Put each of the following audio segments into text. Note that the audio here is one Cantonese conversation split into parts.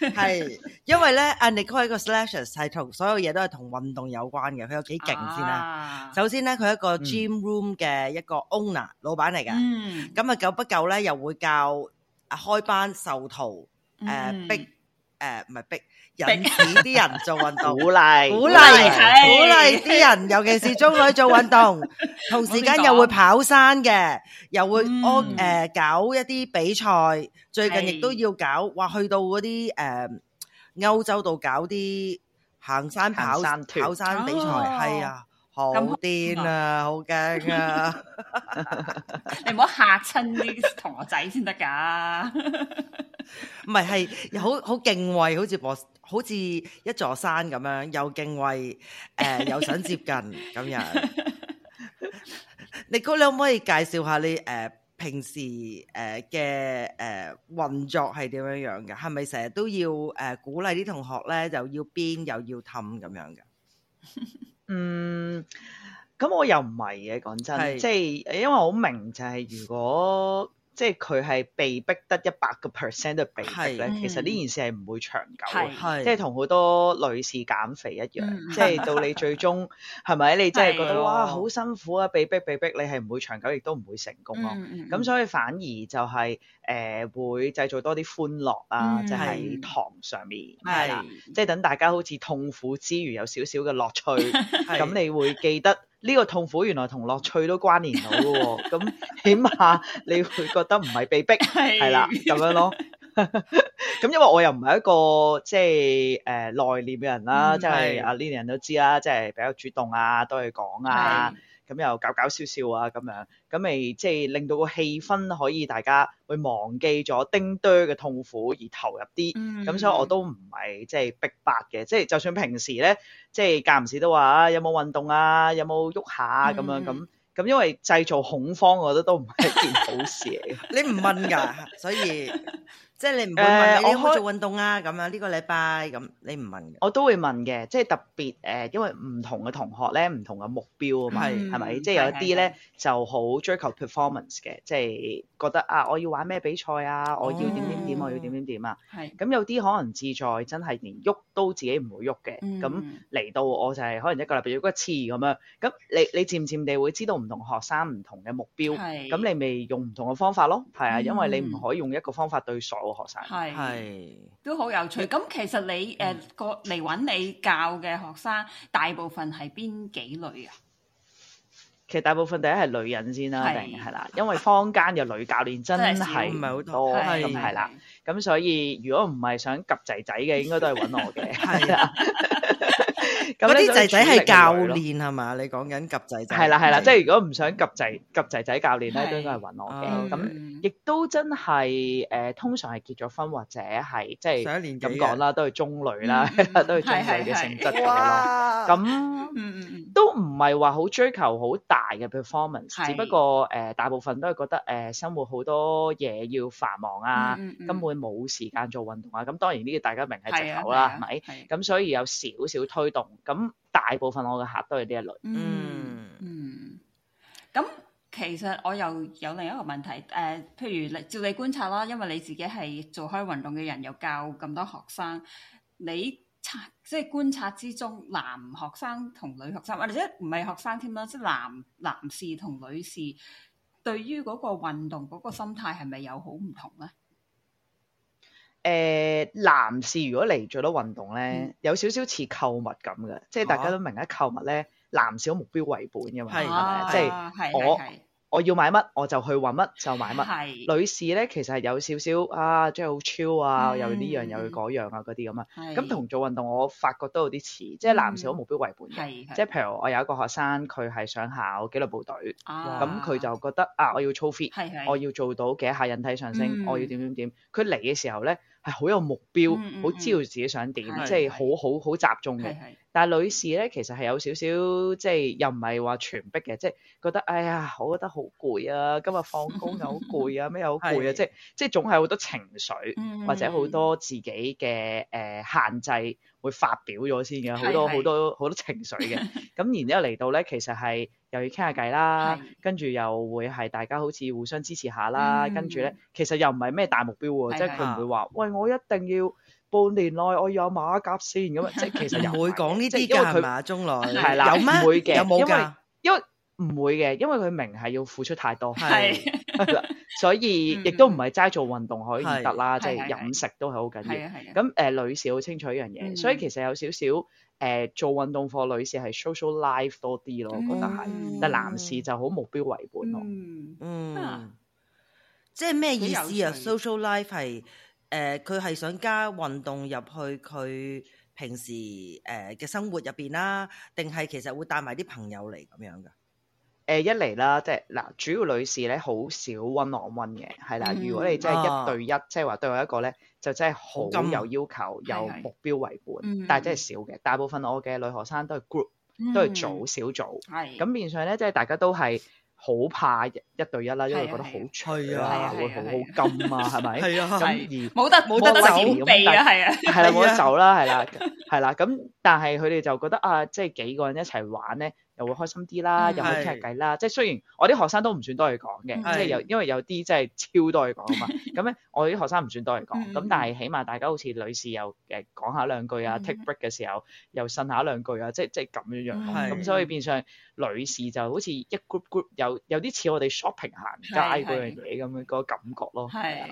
係，因為咧，阿 Nicole，啊、個 Slashers 係同所有嘢都係同運動有關嘅，佢有幾勁先啦、啊。啊、首先咧，佢係一個 gym room 嘅一個 owner、嗯、老闆嚟嘅，咁啊久不久咧，又會教開班授徒，誒逼誒唔係逼。呃引起啲人做運動，鼓勵鼓勵鼓勵啲人，尤其是中女做運動，同時間又會跑山嘅，又會我誒搞一啲比賽，最近亦都要搞，話！去到嗰啲誒歐洲度搞啲行山跑山跑山比賽，係啊。好癲啊！好驚啊！你唔好吓親啲同學仔先得噶，唔係係好好敬畏，好似我，好似一座山咁樣，又敬畏誒、呃，又想接近咁樣。 你高你可唔可以介紹下你誒、呃、平時誒嘅誒運作係點樣樣嘅？係咪成日都要誒鼓勵啲同學咧，又要邊又要氹咁樣嘅？ 嗯，咁我又唔係嘅，講真，是即係因為我好明就係如果。即係佢係被逼得一百個 percent 都係被逼咧，其實呢件事係唔會長久，即係同好多女士減肥一樣，即係到你最終係咪？你真係覺得哇，好辛苦啊，被逼被逼，你係唔會長久，亦都唔會成功咯。咁所以反而就係誒會製造多啲歡樂啊，即係喺堂上面係，即係等大家好似痛苦之餘有少少嘅樂趣，咁你會記得。呢個痛苦原來同樂趣都關聯到嘅喎、哦，咁 起碼你會覺得唔係被逼，係 啦咁樣咯。咁 因為我又唔係一個即係誒內斂嘅人啦，嗯、即係阿 Lily 人都知啦，即係比較主動啊，都係講啊。咁、嗯、又搞搞笑笑啊咁樣。咁咪即係令到個氣氛可以大家會忘記咗叮堆嘅痛苦而投入啲，咁、嗯嗯、所以我都唔係即係逼白嘅，即係就算平時咧，即係間唔時都話啊，有冇運動啊，有冇喐下咁、啊、樣。咁、嗯嗯，咁因為製造恐慌，我覺得都唔係一件好事嚟嘅。 你唔問㗎， 所以。即係你唔會問你應該做運動啊？咁啊，呢個禮拜咁你唔問，我都會問嘅。即係特別誒，因為唔同嘅同學咧，唔同嘅目標啊嘛，係係咪？即係有啲咧就好追求 performance 嘅，即係覺得啊，我要玩咩比賽啊，我要點點點，我要點點點啊。係咁有啲可能自在真係連喐都自己唔會喐嘅，咁嚟到我就係可能一個禮拜喐一次咁樣。咁你你漸漸地會知道唔同學生唔同嘅目標，咁你咪用唔同嘅方法咯。係啊，因為你唔可以用一個方法對所係，都好有趣。咁、嗯、其實你誒個嚟揾你教嘅學生，大部分係邊幾類啊？其實大部分第一係女人先啦，是定係啦，因為坊間嘅女教練 真係唔係好多咁係啦。咁所以如果唔係想及仔仔嘅， 應該都係揾我嘅。係啊的。 嗰啲仔仔係教練係嘛？你講緊夾仔仔係啦，係啦，即係如果唔想夾仔，夾仔仔教練咧，都應該係揾我嘅。咁亦都真係誒，通常係結咗婚或者係即係咁講啦，都係中女啦，都係中女嘅性質嘅咯。咁都唔係話好追求好大嘅 performance，只不過誒，大部分都係覺得誒生活好多嘢要繁忙啊，根本冇時間做運動啊。咁當然呢啲大家明係借口啦，係咪？咁所以有少少推動。咁大部分我嘅客都係呢一類，嗯嗯。咁、嗯、其實我又有另一個問題，誒、呃，譬如你照你觀察啦，因為你自己係做開運動嘅人，又教咁多學生，你察即係觀察之中，男學生同女學生，或者唔係學生添啦，即係男男士同女士，對於嗰個運動嗰個心態係咪有好唔同咧？誒，uh, 男士如果嚟做到運動咧，嗯、有少少似購物咁嘅，即係大家都明啦，購、啊、物咧，男士嘅目標為本嘅嘛，係咪？即係我。我要買乜我就去搵乜就買乜。女士呢，其實係有少少啊，即係好 chill 啊，又呢樣又嗰樣啊，嗰啲咁啊。咁同做運動，我發覺都有啲似，即係男士好目標為本。即係譬如我有一個學生，佢係想考紀律部隊。哦。咁佢就覺得啊，我要操 fit，我要做到幾下引體上升，我要點點點。佢嚟嘅時候呢，係好有目標，好知道自己想點，即係好好好集中嘅。但係女士咧，其實係有少少即係又唔係話全逼嘅，即係覺得哎呀，我覺得好攰啊，今日放工又好攰啊，咩又好攰啊，即係即係總係好多情緒或者好多自己嘅誒限制會發表咗先嘅，好多好多好多情緒嘅。咁然之後嚟到咧，其實係又要傾下偈啦，跟住又會係大家好似互相支持下啦，跟住咧，其實又唔係咩大目標喎，即係佢唔會話喂我一定要。半年內我有馬甲線咁啊，即係其實唔會講呢啲噶係嘛中來係啦，有咩？有冇噶？因為唔會嘅，因為佢明係要付出太多，係，所以亦都唔係齋做運動可以得啦，即係飲食都係好緊要。咁誒，女士好清楚一樣嘢，所以其實有少少誒，做運動課女士係 social life 多啲咯，我覺得係，但係男士就好目標為本咯，嗯，即係咩意思啊？social life 係。誒，佢係、呃、想加運動入去佢平時誒嘅、呃、生活入邊啦，定係其實會帶埋啲朋友嚟咁樣噶？誒、呃，一嚟啦，即係嗱，主要女士咧好少 one on one 嘅，係啦。嗯、如果你真係一對一，哦、即係話對我一個咧，就真係好有要求，嗯、有目標為本，嗯、但係真係少嘅。大部分我嘅女學生都係 group，都係組小組。係咁面上咧，即係大家都係。好 怕一對一啦，因為覺得好吹啊，會好好撳啊，係咪？咁而冇得冇得，得閃避啊，係啊，係啦，冇得走啦，係啦，係、就、啦、是，咁、 啊、但係佢哋就覺得啊，即係幾個人一齊玩咧。又會開心啲啦，又會傾下偈啦。即係雖然我啲學生都唔算多嘢講嘅，即係有因為有啲真係超多嘢講啊嘛。咁咧，我啲學生唔算多嘢講，咁但係起碼大家好似女士又誒講下兩句啊，take break 嘅時候又呻下兩句啊，即係即係咁樣樣。咁所以變相女士就好似一 group group 有有啲似我哋 shopping 行街嗰樣嘢咁樣個感覺咯。係，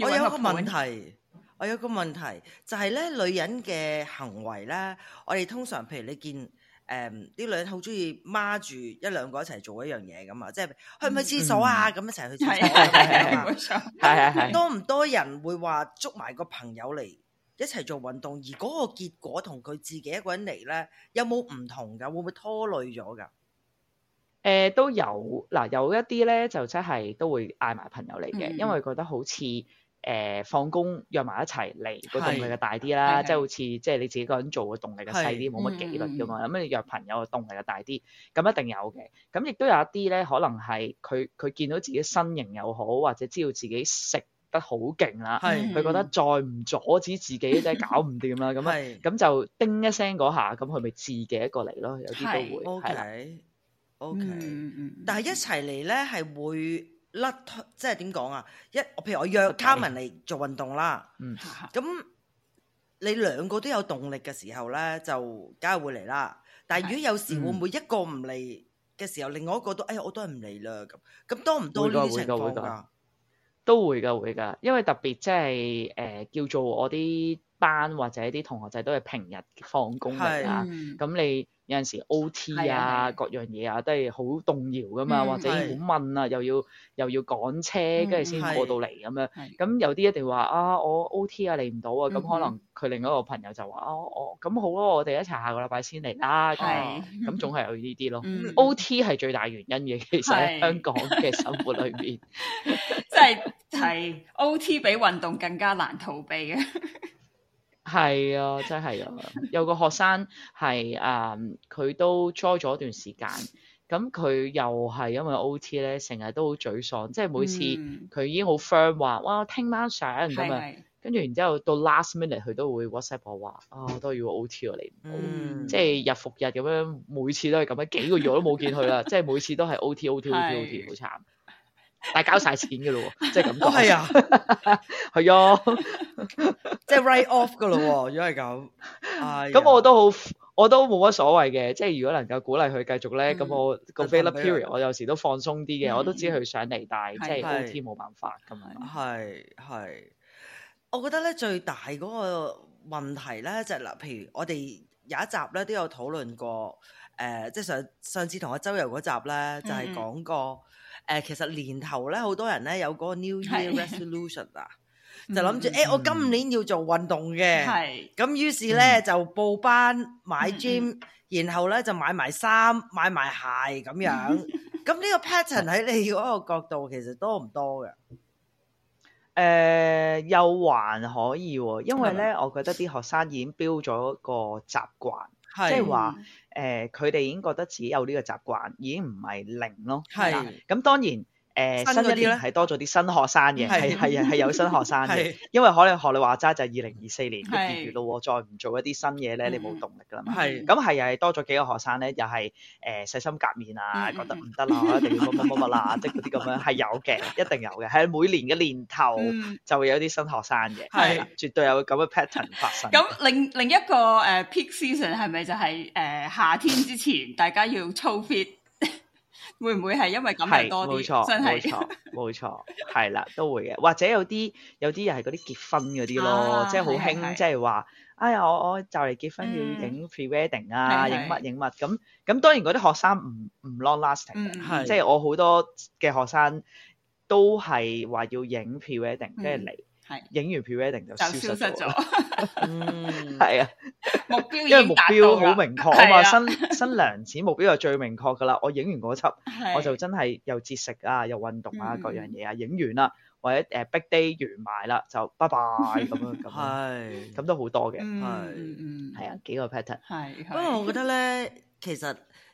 我有個問題，我有個問題就係咧，女人嘅行為咧，我哋通常譬如你見。誒，um, 女人好中意孖住一兩個一齊做一樣嘢噶啊，即係去唔去廁所啊？咁、嗯嗯、一齊去廁所係啊多唔多人會話捉埋個朋友嚟一齊做運動，而嗰個結果同佢自己一個人嚟咧，有冇唔同噶？會唔會拖累咗噶？誒、嗯，都有嗱，有一啲咧就真係都會嗌埋朋友嚟嘅，因為覺得好似。誒放工約埋一齊嚟個動力嘅大啲啦，即係好似即係你自己個人做嘅動力嘅細啲，冇乜紀律噶嘛。咁你約朋友嘅動力就大啲，咁一定有嘅。咁亦都有一啲咧，可能係佢佢見到自己身形又好，或者知道自己食得好勁啦，佢覺得再唔阻止自己即係搞唔掂啦。咁啊咁就叮一聲嗰下，咁佢咪自己一個嚟咯。有啲都會係。O K 但係一齊嚟咧係會。甩，即係點講啊？一，我譬如我約 Carmen 嚟做運動啦，咁你兩個都有動力嘅時候咧，就梗係會嚟啦。但係如果有時會唔會一個唔嚟嘅時候，另外一個都哎呀我都係唔嚟啦咁，咁多唔多呢啲情況㗎？都會㗎會㗎，因為，特別即係誒叫做我啲。班或者啲同學仔都係平日放工嚟啊，咁你有陣時 OT 啊，各樣嘢啊都係好動搖㗎嘛，或者好問啊，又要又要趕車，跟住先過到嚟咁樣。咁有啲一定話啊，我 OT 啊，嚟唔到啊，咁可能佢另一個朋友就話哦，咁好咯，我哋一齊下個禮拜先嚟啦。咁總係有呢啲咯。OT 係最大原因嘅，其實喺香港嘅生活裏面，即係係 OT 比運動更加難逃避嘅。係啊，真係啊，有個學生係誒，佢、um，都 join 咗一段時間，咁佢又係因為 O T 咧，成日都好沮喪，即係每次佢已經好 firm 話哇，聽、哦、晚上咁啊，跟住然之後到 last minute 佢都會 WhatsApp 我話啊，哦、都要 O T 啊，你唔到，嗯、即係日復日咁樣，每次都係咁樣，幾個月我都冇見佢啦， 即係每次都係 O T O T O T O T 好慘。OT，但係交晒錢嘅咯，即係咁講，係啊，係啊，即係 write off 嘅咯，如果係咁，咁我都好，我都冇乜所謂嘅，即係如果能夠鼓勵佢繼續咧，咁我個 failure period，我有時都放鬆啲嘅，我都知佢上嚟，但即係 OT 冇辦法咁啊，係係，我覺得咧最大嗰個問題咧就係嗱，譬如我哋有一集咧都有討論過，誒，即係上上次同阿周遊嗰集咧就係講過。誒，其實年頭咧，好多人咧有嗰個 New Year Resolution 啊， 就諗住誒，我今年要做運動嘅，係咁於是咧就報班買 gym， 然後咧就買埋衫，買埋鞋咁樣。咁呢 個 pattern 喺你嗰個角度，其實多唔多嘅？誒、 呃，又還可以，因為咧， 我覺得啲學生已經 build 咗個習慣。即係話，誒、呃，佢哋已經覺得自己有呢個習慣，已經唔係零咯。係啦，咁當然。誒新一啲咧，係多咗啲新學生嘅，係係係有新學生嘅，因為可能學你話齋就係二零二四年嘅二月咯，再唔做一啲新嘢咧，你冇動力噶嘛。係，咁係又係多咗幾個學生咧，又係誒洗心革面啊，覺得唔得啦，我一定要乜乜乜啦，即係嗰啲咁樣係有嘅，一定有嘅，係每年嘅年頭就會有啲新學生嘅，係絕對有咁嘅 pattern 發生。咁另另一個誒 peak season 係咪就係誒夏天之前，大家要操 fit？會唔會係因為咁樣多啲？係，冇錯，冇錯，冇錯，係啦，都會嘅。或者有啲有啲又係嗰啲結婚嗰啲咯，即係好興，即係話哎呀，我我就嚟結婚要影 pre-wedding 啊，影乜影乜咁咁。當然嗰啲學生唔唔 long-lasting，即係我好多嘅學生都係話要影 pre-wedding，跟住嚟。影完 pre-wedding 就消失咗，嗯，係 啊，目標，因為目標好明確啊嘛，新新娘子目標就最明確噶啦，我影完嗰輯， 對 我就真係又節食啊，又運動啊，各樣嘢，啊影完啦，或者誒 big day 完埋啦，就拜拜咁 樣咁，係，咁都好多嘅，係， 係、 嗯嗯、 啊，幾個 pattern，係， 不過我覺得咧，其實。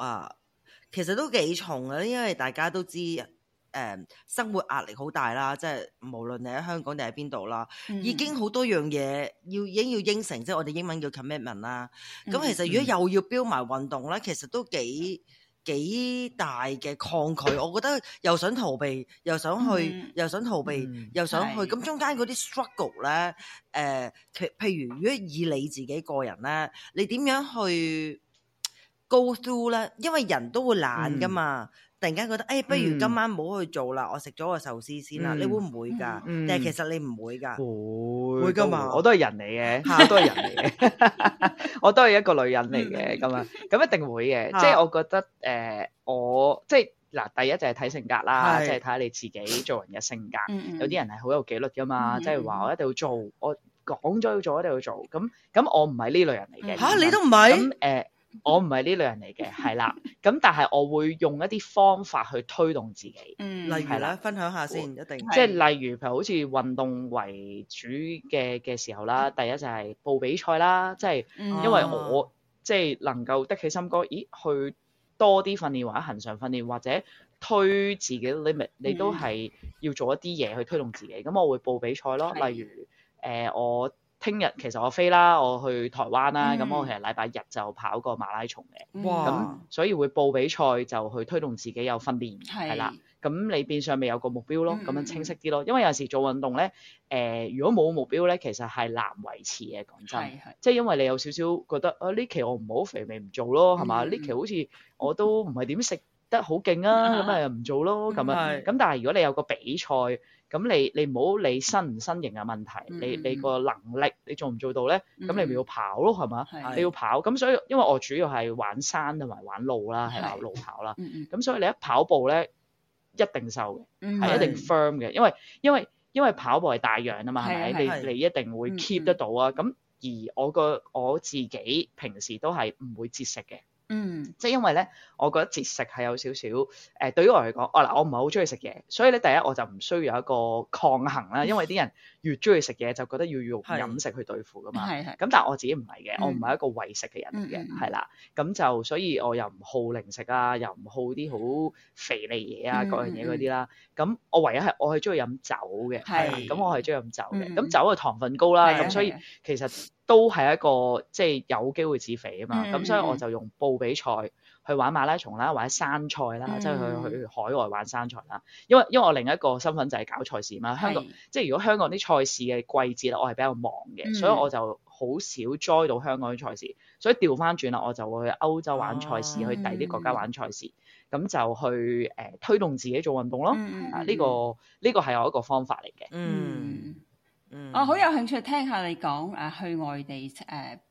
啊，其實都幾重啊，因為大家都知，誒、呃，生活壓力好大啦，即係無論你喺香港定喺邊度啦，嗯、已經好多樣嘢要，已經要應承，即係我哋英文叫 commitment 啦。咁、嗯、其實如果又要標埋運動咧，其實都幾幾大嘅抗拒。我覺得又想逃避，又想去，嗯、又想逃避，嗯、又想去。咁、嗯、中間嗰啲 struggle 咧，誒、呃，其譬如如果以你自己個人咧，你點樣去？go through 啦，因為人都會懶噶嘛，突然間覺得，哎，不如今晚冇去做啦，我食咗個壽司先啦，你會唔會噶？但係其實你唔會噶，會會噶嘛，我都係人嚟嘅，我都係人嚟嘅，我都係一個女人嚟嘅咁樣，咁一定會嘅，即係我覺得，誒，我即係嗱，第一就係睇性格啦，即係睇下你自己做人嘅性格，有啲人係好有紀律噶嘛，即係話我一定要做，我講咗要做，一定要做，咁咁我唔係呢類人嚟嘅，嚇你都唔係，咁，誒。 我唔係呢類人嚟嘅，係啦。咁但係我會用一啲方法去推動自己，嗯，係啦的，例如，分享下先，我一定。即係例如，譬如好似運動為主嘅嘅時候啦，第一就係報比賽啦，即、就、係、是、因為我、哦、即係能夠得起心肝，咦，去多啲訓練或者恒常訓練或者推自己 limit，你都係要做一啲嘢去推動自己。咁、嗯、我會報比賽咯，的例如誒、呃、我。聽日其實我飛啦，我去台灣啦，咁我其實禮拜日就跑個馬拉松嘅，咁所以會報比賽就去推動自己有訓練係啦，咁你變相咪有個目標咯，咁樣清晰啲咯，因為有時做運動咧，誒如果冇目標咧，其實係難維持嘅講真，即係因為你有少少覺得啊呢期我唔好肥咪唔做咯，係嘛？呢期好似我都唔係點食得好勁啊，咁咪又唔做咯咁啊，咁但係如果你有個比賽。咁你你唔好理身唔身形嘅問題，嗯嗯，你你個能力你做唔做到咧？咁你咪要跑咯，係嘛？你要跑，咁所以因為我主要係玩山同埋玩路啦，係嘛，路跑啦。咁的、嗯嗯、所以你一跑步咧，一定瘦嘅，係一定 firm 嘅的，因為因為因為跑步係帶氧啊嘛，係咪？的你你一定會 keep 得到啊。咁的、嗯嗯、而我個我自己平時都係唔會節食嘅。嗯，即係因為咧，我覺得節食係有少少誒，對於我嚟講，我嗱我唔係好中意食嘢，所以咧第一我就唔需要有一個抗衡啦，因為啲人越中意食嘢就覺得要用飲食去對付噶嘛。係係。咁但係我自己唔係嘅，我唔係一個為食嘅人嚟嘅，係啦。咁就所以我又唔好零食啊，又唔好啲好肥膩嘢啊，各樣嘢嗰啲啦。咁我唯一係我係中意飲酒嘅，係咁我係中意飲酒嘅。咁酒嘅糖分高啦，咁所以其實，都係一個即係有機會自肥啊嘛，咁、mm hmm. 所以我就用報比賽去玩馬拉松啦，或者山賽啦，即係、mm hmm. 去去海外玩山賽啦。因為因為我另一個身份就係搞賽事嘛，香港是即係如果香港啲賽事嘅季節啦，我係比較忙嘅，mm hmm. 所以我就好少 join 到香港啲賽事，所以調翻轉啦，我就會去歐洲玩賽事，oh, 去第啲國家玩賽事，咁、mm hmm. 就去誒、呃、推動自己做運動咯。呢、mm hmm. 啊呢個呢個係我一個方法嚟嘅。Mm hmm. 嗯，我好、mm hmm. oh, 有興趣聽下你講誒，去外地誒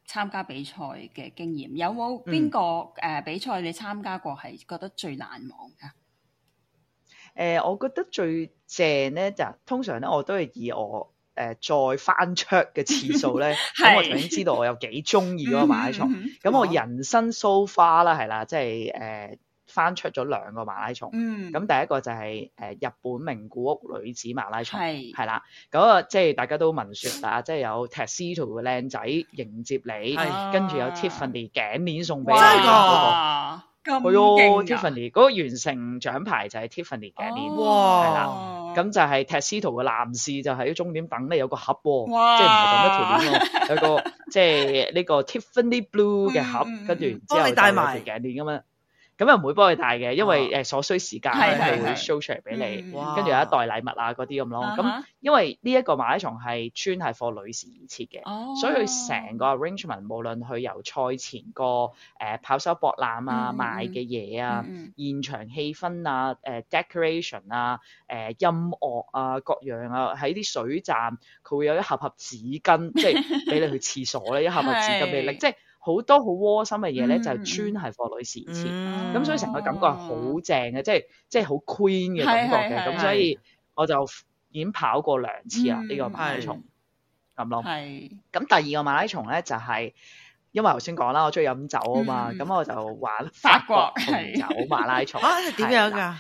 參、呃、加比賽嘅經驗，有冇邊個誒、呃、比賽你參加過係覺得最難忘噶誒、嗯呃，我覺得最正咧，就通常咧，我都係以我誒、呃、再翻出嘅次數咧，咁 是我曾經知道我有幾中意個馬拉松，咁、 嗯嗯、我人生 so far 啦，係啦，即係誒。呃翻出咗兩個馬拉松，咁第一個就係誒日本名古屋女子馬拉松，係啦，嗰個即係大家都聞説啦，即係有 tattoo 嘅靚仔迎接你，跟住有 Tiffany 頸鏈送俾你，真㗎，咁勁啊！Tiffany 嗰個完成獎牌就係 Tiffany 頸鏈，哇！咁就係 tattoo 嘅男士就喺終點等咧，有個盒喎，即係唔係咁一條鏈喎，有個即係呢個 Tiffany Blue 嘅盒，跟住然之後戴埋條頸鏈咁樣。咁又唔會幫佢帶嘅，it, 因為誒、oh. 所需時間佢會 show 出嚟俾你，跟住有一袋禮物啊嗰啲咁咯。咁因為呢一個馬拉松係專係 for 女士而設嘅，所以佢成個 arrangement 無論佢由賽前個誒跑手博覽啊、賣嘅嘢啊，現場氣氛啊、誒 decoration 啊、誒音樂啊各樣啊，喺啲水站佢會有一盒盒紙巾，即係俾你去廁所咧，一盒盒紙巾俾你拎，即係。好多好窩心嘅嘢咧，就是、專係霍女士設，咁、嗯嗯嗯、所以成個感覺係好正嘅，即係即係好 queen 嘅感覺嘅，咁、嗯、所以我就已經跑過兩次啦，呢、呢個馬拉松咁咯。咁第二個馬拉松咧就係、是、因為頭先講啦，我中意飲酒啊嘛，咁、嗯、我就玩法國紅酒馬拉松、嗯、 啊，點樣㗎？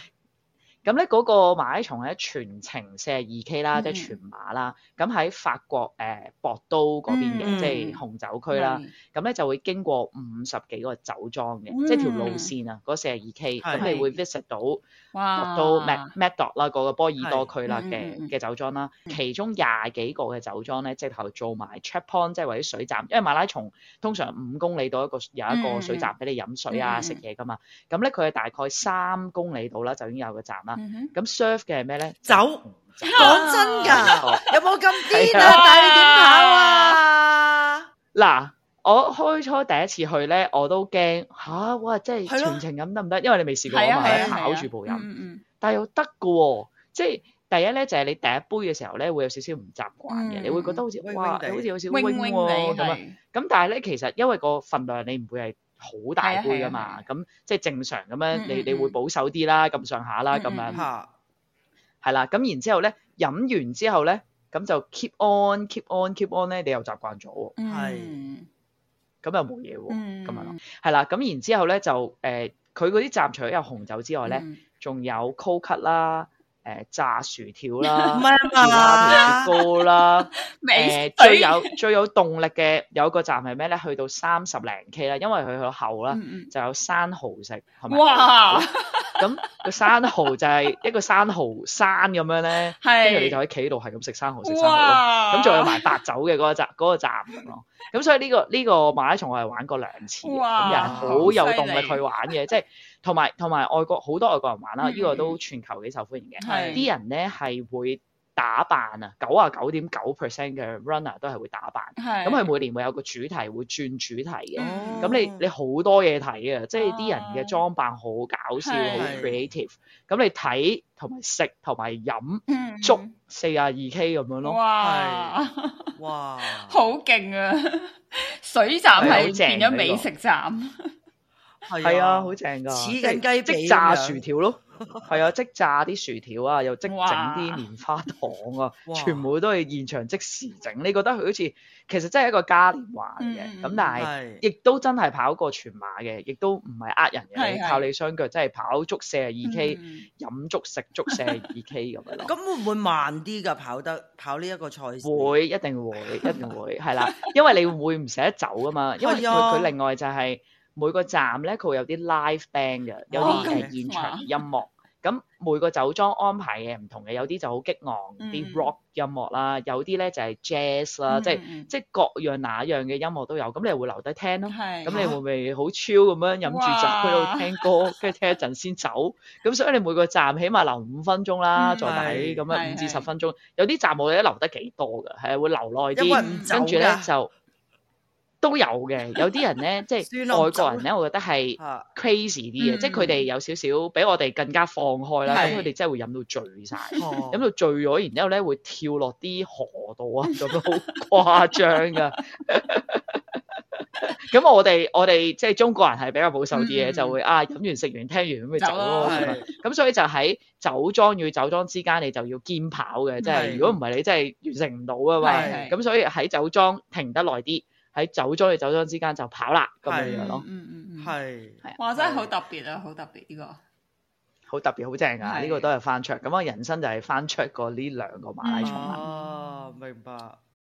咁咧嗰個馬拉松係全程四十二 K 啦，即係全馬啦。咁喺法國誒博都嗰邊嘅，即係紅酒區啦。咁咧就會經過五十幾個酒莊嘅，即係條路線啊，嗰四十二 K。咁你會 visit 到到 Mad Madoc 啦，嗰個波爾多區啦嘅嘅酒莊啦。其中廿幾個嘅酒莊咧，直頭做埋 checkpoint，即係為啲水站。因為馬拉松通常五公里到一個有一個水站俾你飲水啊食嘢㗎嘛。咁咧佢係大概三公里度啦，就已經有個站啦。咁 serve 嘅係咩咧？走，講真噶，有冇咁癲啊？但係你點跑啊！嗱，我開初第一次去咧，我都驚吓，哇！即係全程飲得唔得？因為你未試過嘛，跑住步飲，但係又得嘅，即係第一咧就係你第一杯嘅時候咧會有少少唔習慣嘅，你會覺得好似哇，好似有少少 wing wing 咁啊！咁但係咧，其實因為個份量你唔會係。 好大杯㗎嘛，咁、嗯嗯、即係正常咁樣，你你會保守啲啦，咁上下啦咁樣，係啦，咁、嗯嗯嗯嗯、 然之後咧飲完之後咧，咁就 keep on keep on keep on 咧，你又習慣咗喎，係、哎，咁又冇嘢喎，咁 啊，係、嗯、啦、嗯，咁 然之後咧就誒，佢嗰啲站除咗有紅酒之外咧，仲、嗯、有 cold cut 啦。誒，炸薯條啦，薯條啦，雪糕啦，誒水，最有最有動力嘅有一個站係咩咧？去到三十零 K 啦，因為佢去到後啦，就有生蠔食牛牛。哇！咁、嗰個生蠔就係一個生蠔山咁樣咧，跟住 你就喺企度係咁食生蠔食生蠔。咁仲哇有埋白酒嘅嗰個站嗰個站。咁、嗰個嗰個嗰個、所以呢、呢個呢、呢個馬拉松我係玩過兩次，咁哇哇人好有動力去玩嘅，即係。同埋同埋，外國好多外國人玩啦，呢個都全球幾受歡迎嘅。啲人咧係會打扮啊，九啊九點九 percent 嘅 runner 都係會打扮。咁佢每年會有個主題，會轉主題嘅。咁你你好多嘢睇啊，即係啲人嘅裝扮好搞笑，好 creative。咁你睇同埋食同埋飲足四啊二 K 咁樣咯。哇！哇！好勁啊！水站係變咗美食站。係啊，好正噶！似隻雞，即炸薯條咯。係啊，即炸啲薯條啊，又即整啲棉花糖啊，全部都係現場即時整。你覺得佢好似其實真係一個嘉年華嘅咁，但係亦都真係跑過全馬嘅，亦都唔係呃人嘅。靠你雙腳，真係跑足四廿二 k，飲足食足四廿二 k 咁樣咯。咁會唔會慢啲噶？跑得，跑呢一個賽事？會，一定會，一定會係啦，因為你會唔捨得走噶嘛，因為佢佢另外就係。每個站咧，佢會有啲 live band 嘅，有啲誒現場音樂。咁每個酒莊安排嘅唔同嘅，有啲就好激昂啲 rock 音樂啦，有啲咧就係 jazz 啦，即係即係各樣那樣嘅音樂都有。咁你會留低聽咯，咁你會唔會好超咁樣飲住酒喺度聽歌，跟住聽一陣先走？咁所以你每個站起碼留五分鐘啦，坐底咁樣五至十分鐘。有啲站我哋都留得幾多嘅，係會留耐啲，跟住咧就。都有嘅，有啲人咧，即係外國人咧，我覺得係 crazy 啲嘅，即係佢哋有少少比我哋更加放開啦。咁佢哋真係會飲到醉晒，飲到醉咗，然之後咧會跳落啲河度啊，做得好誇張㗎。咁我哋，我哋即係中國人係比較保守啲嘅，就會啊飲完食完聽完咁咪走咯。咁所以就喺酒莊與酒莊之間，你就要兼跑嘅。即係如果唔係你真係完成唔到啊嘛。咁所以喺酒莊停得耐啲。喺走咗嘅走咗之間就跑啦，咁是樣樣咯，嗯嗯嗯，係、嗯，嗯嗯、是哇真係好特別啊，好是特別呢，個好特別好正啊。呢是個都係翻出，咁啊人生就係翻出過呢兩個馬拉松啦。哦、啊，嗯、明白。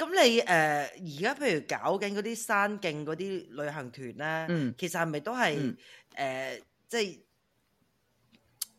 咁你誒而家譬如搞緊嗰啲山徑嗰啲旅行團咧，嗯、其實係咪都係誒、嗯呃、即係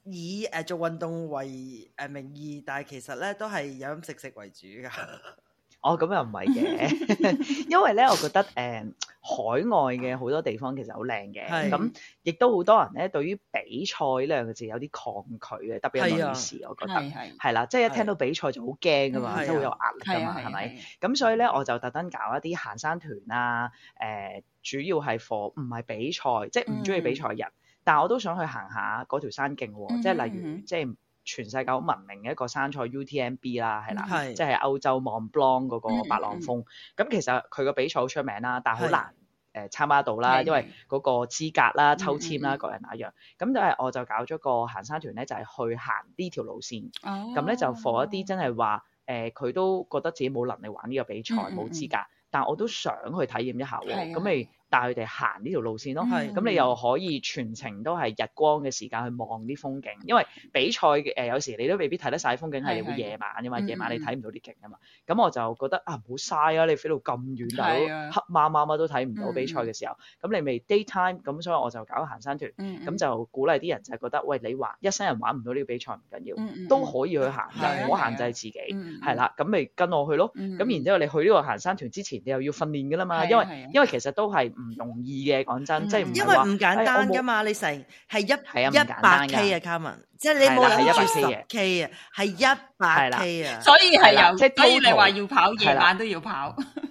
以誒、呃、做運動為誒名義，但係其實咧都係飲食食為主㗎。 哦，咁又唔係嘅，因為咧，我覺得誒海外嘅好多地方其實好靚嘅，咁亦都好多人咧對於比賽呢兩個字有啲抗拒嘅，特別係有時我覺得係啦，即係一聽到比賽就好驚噶嘛，即係會有壓力噶嘛，係咪？咁所以咧，我就特登搞一啲行山團啊，誒，主要係課唔係比賽，即係唔中意比賽人，但我都想去行下嗰條山徑喎，即係例如即係。全世界好聞名嘅一個山賽 U T M B 啦，係啦，即係歐洲 Mont Blanc 嗰個白朗峰。咁其實佢個比賽好出名啦，但係好難誒參加到啦，因為嗰個資格啦、抽籤啦、各人那樣。咁就係我就搞咗個行山團咧，就係去行呢條路線。咁咧就 for 一啲真係話誒，佢都覺得自己冇能力玩呢個比賽，冇資格，但我都想去體驗一下喎。咁咪。帶佢哋行呢條路線咯，咁你又可以全程都係日光嘅時間去望啲風景，因為比賽嘅誒有時你都未必睇得晒風景，係你會夜晚㗎嘛，夜晚你睇唔到啲景㗎嘛。咁我就覺得啊，唔好嘥啊，你飛到咁遠，但黑麻麻都睇唔到比賽嘅時候，咁你未 daytime，咁所以我就搞行山團，咁就鼓勵啲人就係覺得，喂，你話一生人玩唔到呢個比賽唔緊要，都可以去行，唔好限制自己，係啦，咁咪跟我去咯，咁然之後你去呢個行山團之前，你又要訓練㗎啦嘛，因為因為其實都係。唔容易嘅，講真、嗯，即係因為唔簡單噶嘛，哎、你成係一百 K 啊，唔簡單嘅，卡文，即係你冇諗住十 K 啊，係一百 K 啊，所以係有，所以你話要跑夜晚都要跑。的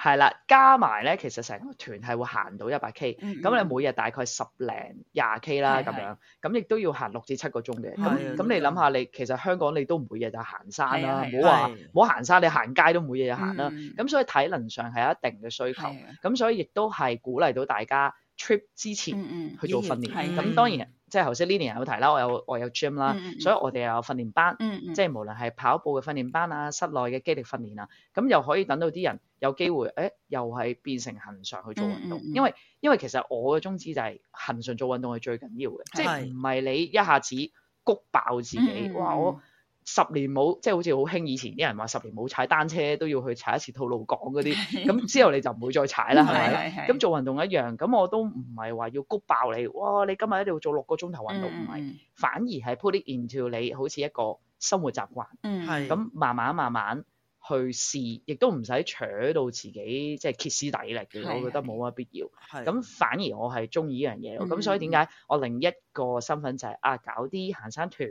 係啦，加埋咧，其實成個團係會行到一百 K，咁你每日大概十零廿 K 啦，咁樣，咁亦都要行六至七個鐘嘅，咁咁你諗下，你其實香港你都唔每日就行山啦，唔好話唔好行山，你行街都每日有行啦，咁所以體能上係有一定嘅需求，咁所以亦都係鼓勵到大家 trip 之前去做訓練，咁當然。即係頭先 Lily 有提啦，我有我有 gym 啦，嗯嗯所以我哋又有訓練班，嗯嗯即係無論係跑步嘅訓練班啊，室內嘅肌力訓練啊，咁又可以等到啲人有機會，誒、欸、又係變成恒常去做運動，嗯嗯嗯因為因為其實我嘅宗旨就係恒常做運動係最緊要嘅，嗯嗯即係唔係你一下子谷爆自己，嗯嗯哇我～十年冇，即係好似好興以前啲人話十年冇踩單車都要去踩一次套路講嗰啲，咁 之後你就唔會再踩啦，係咪？咁做運動一樣，咁我都唔係話要谷爆你，哇！你今日一定要做六個鐘頭運動，唔係、嗯，反而係 put it into 你，好似一個生活習慣，嗯，係，咁慢慢慢慢。去試，亦都唔使扯到自己即係歇斯底里嘅，我覺得冇乜必要。咁反而我係中意依樣嘢咯。咁所以點解我另一個身份就係啊，搞啲行山團，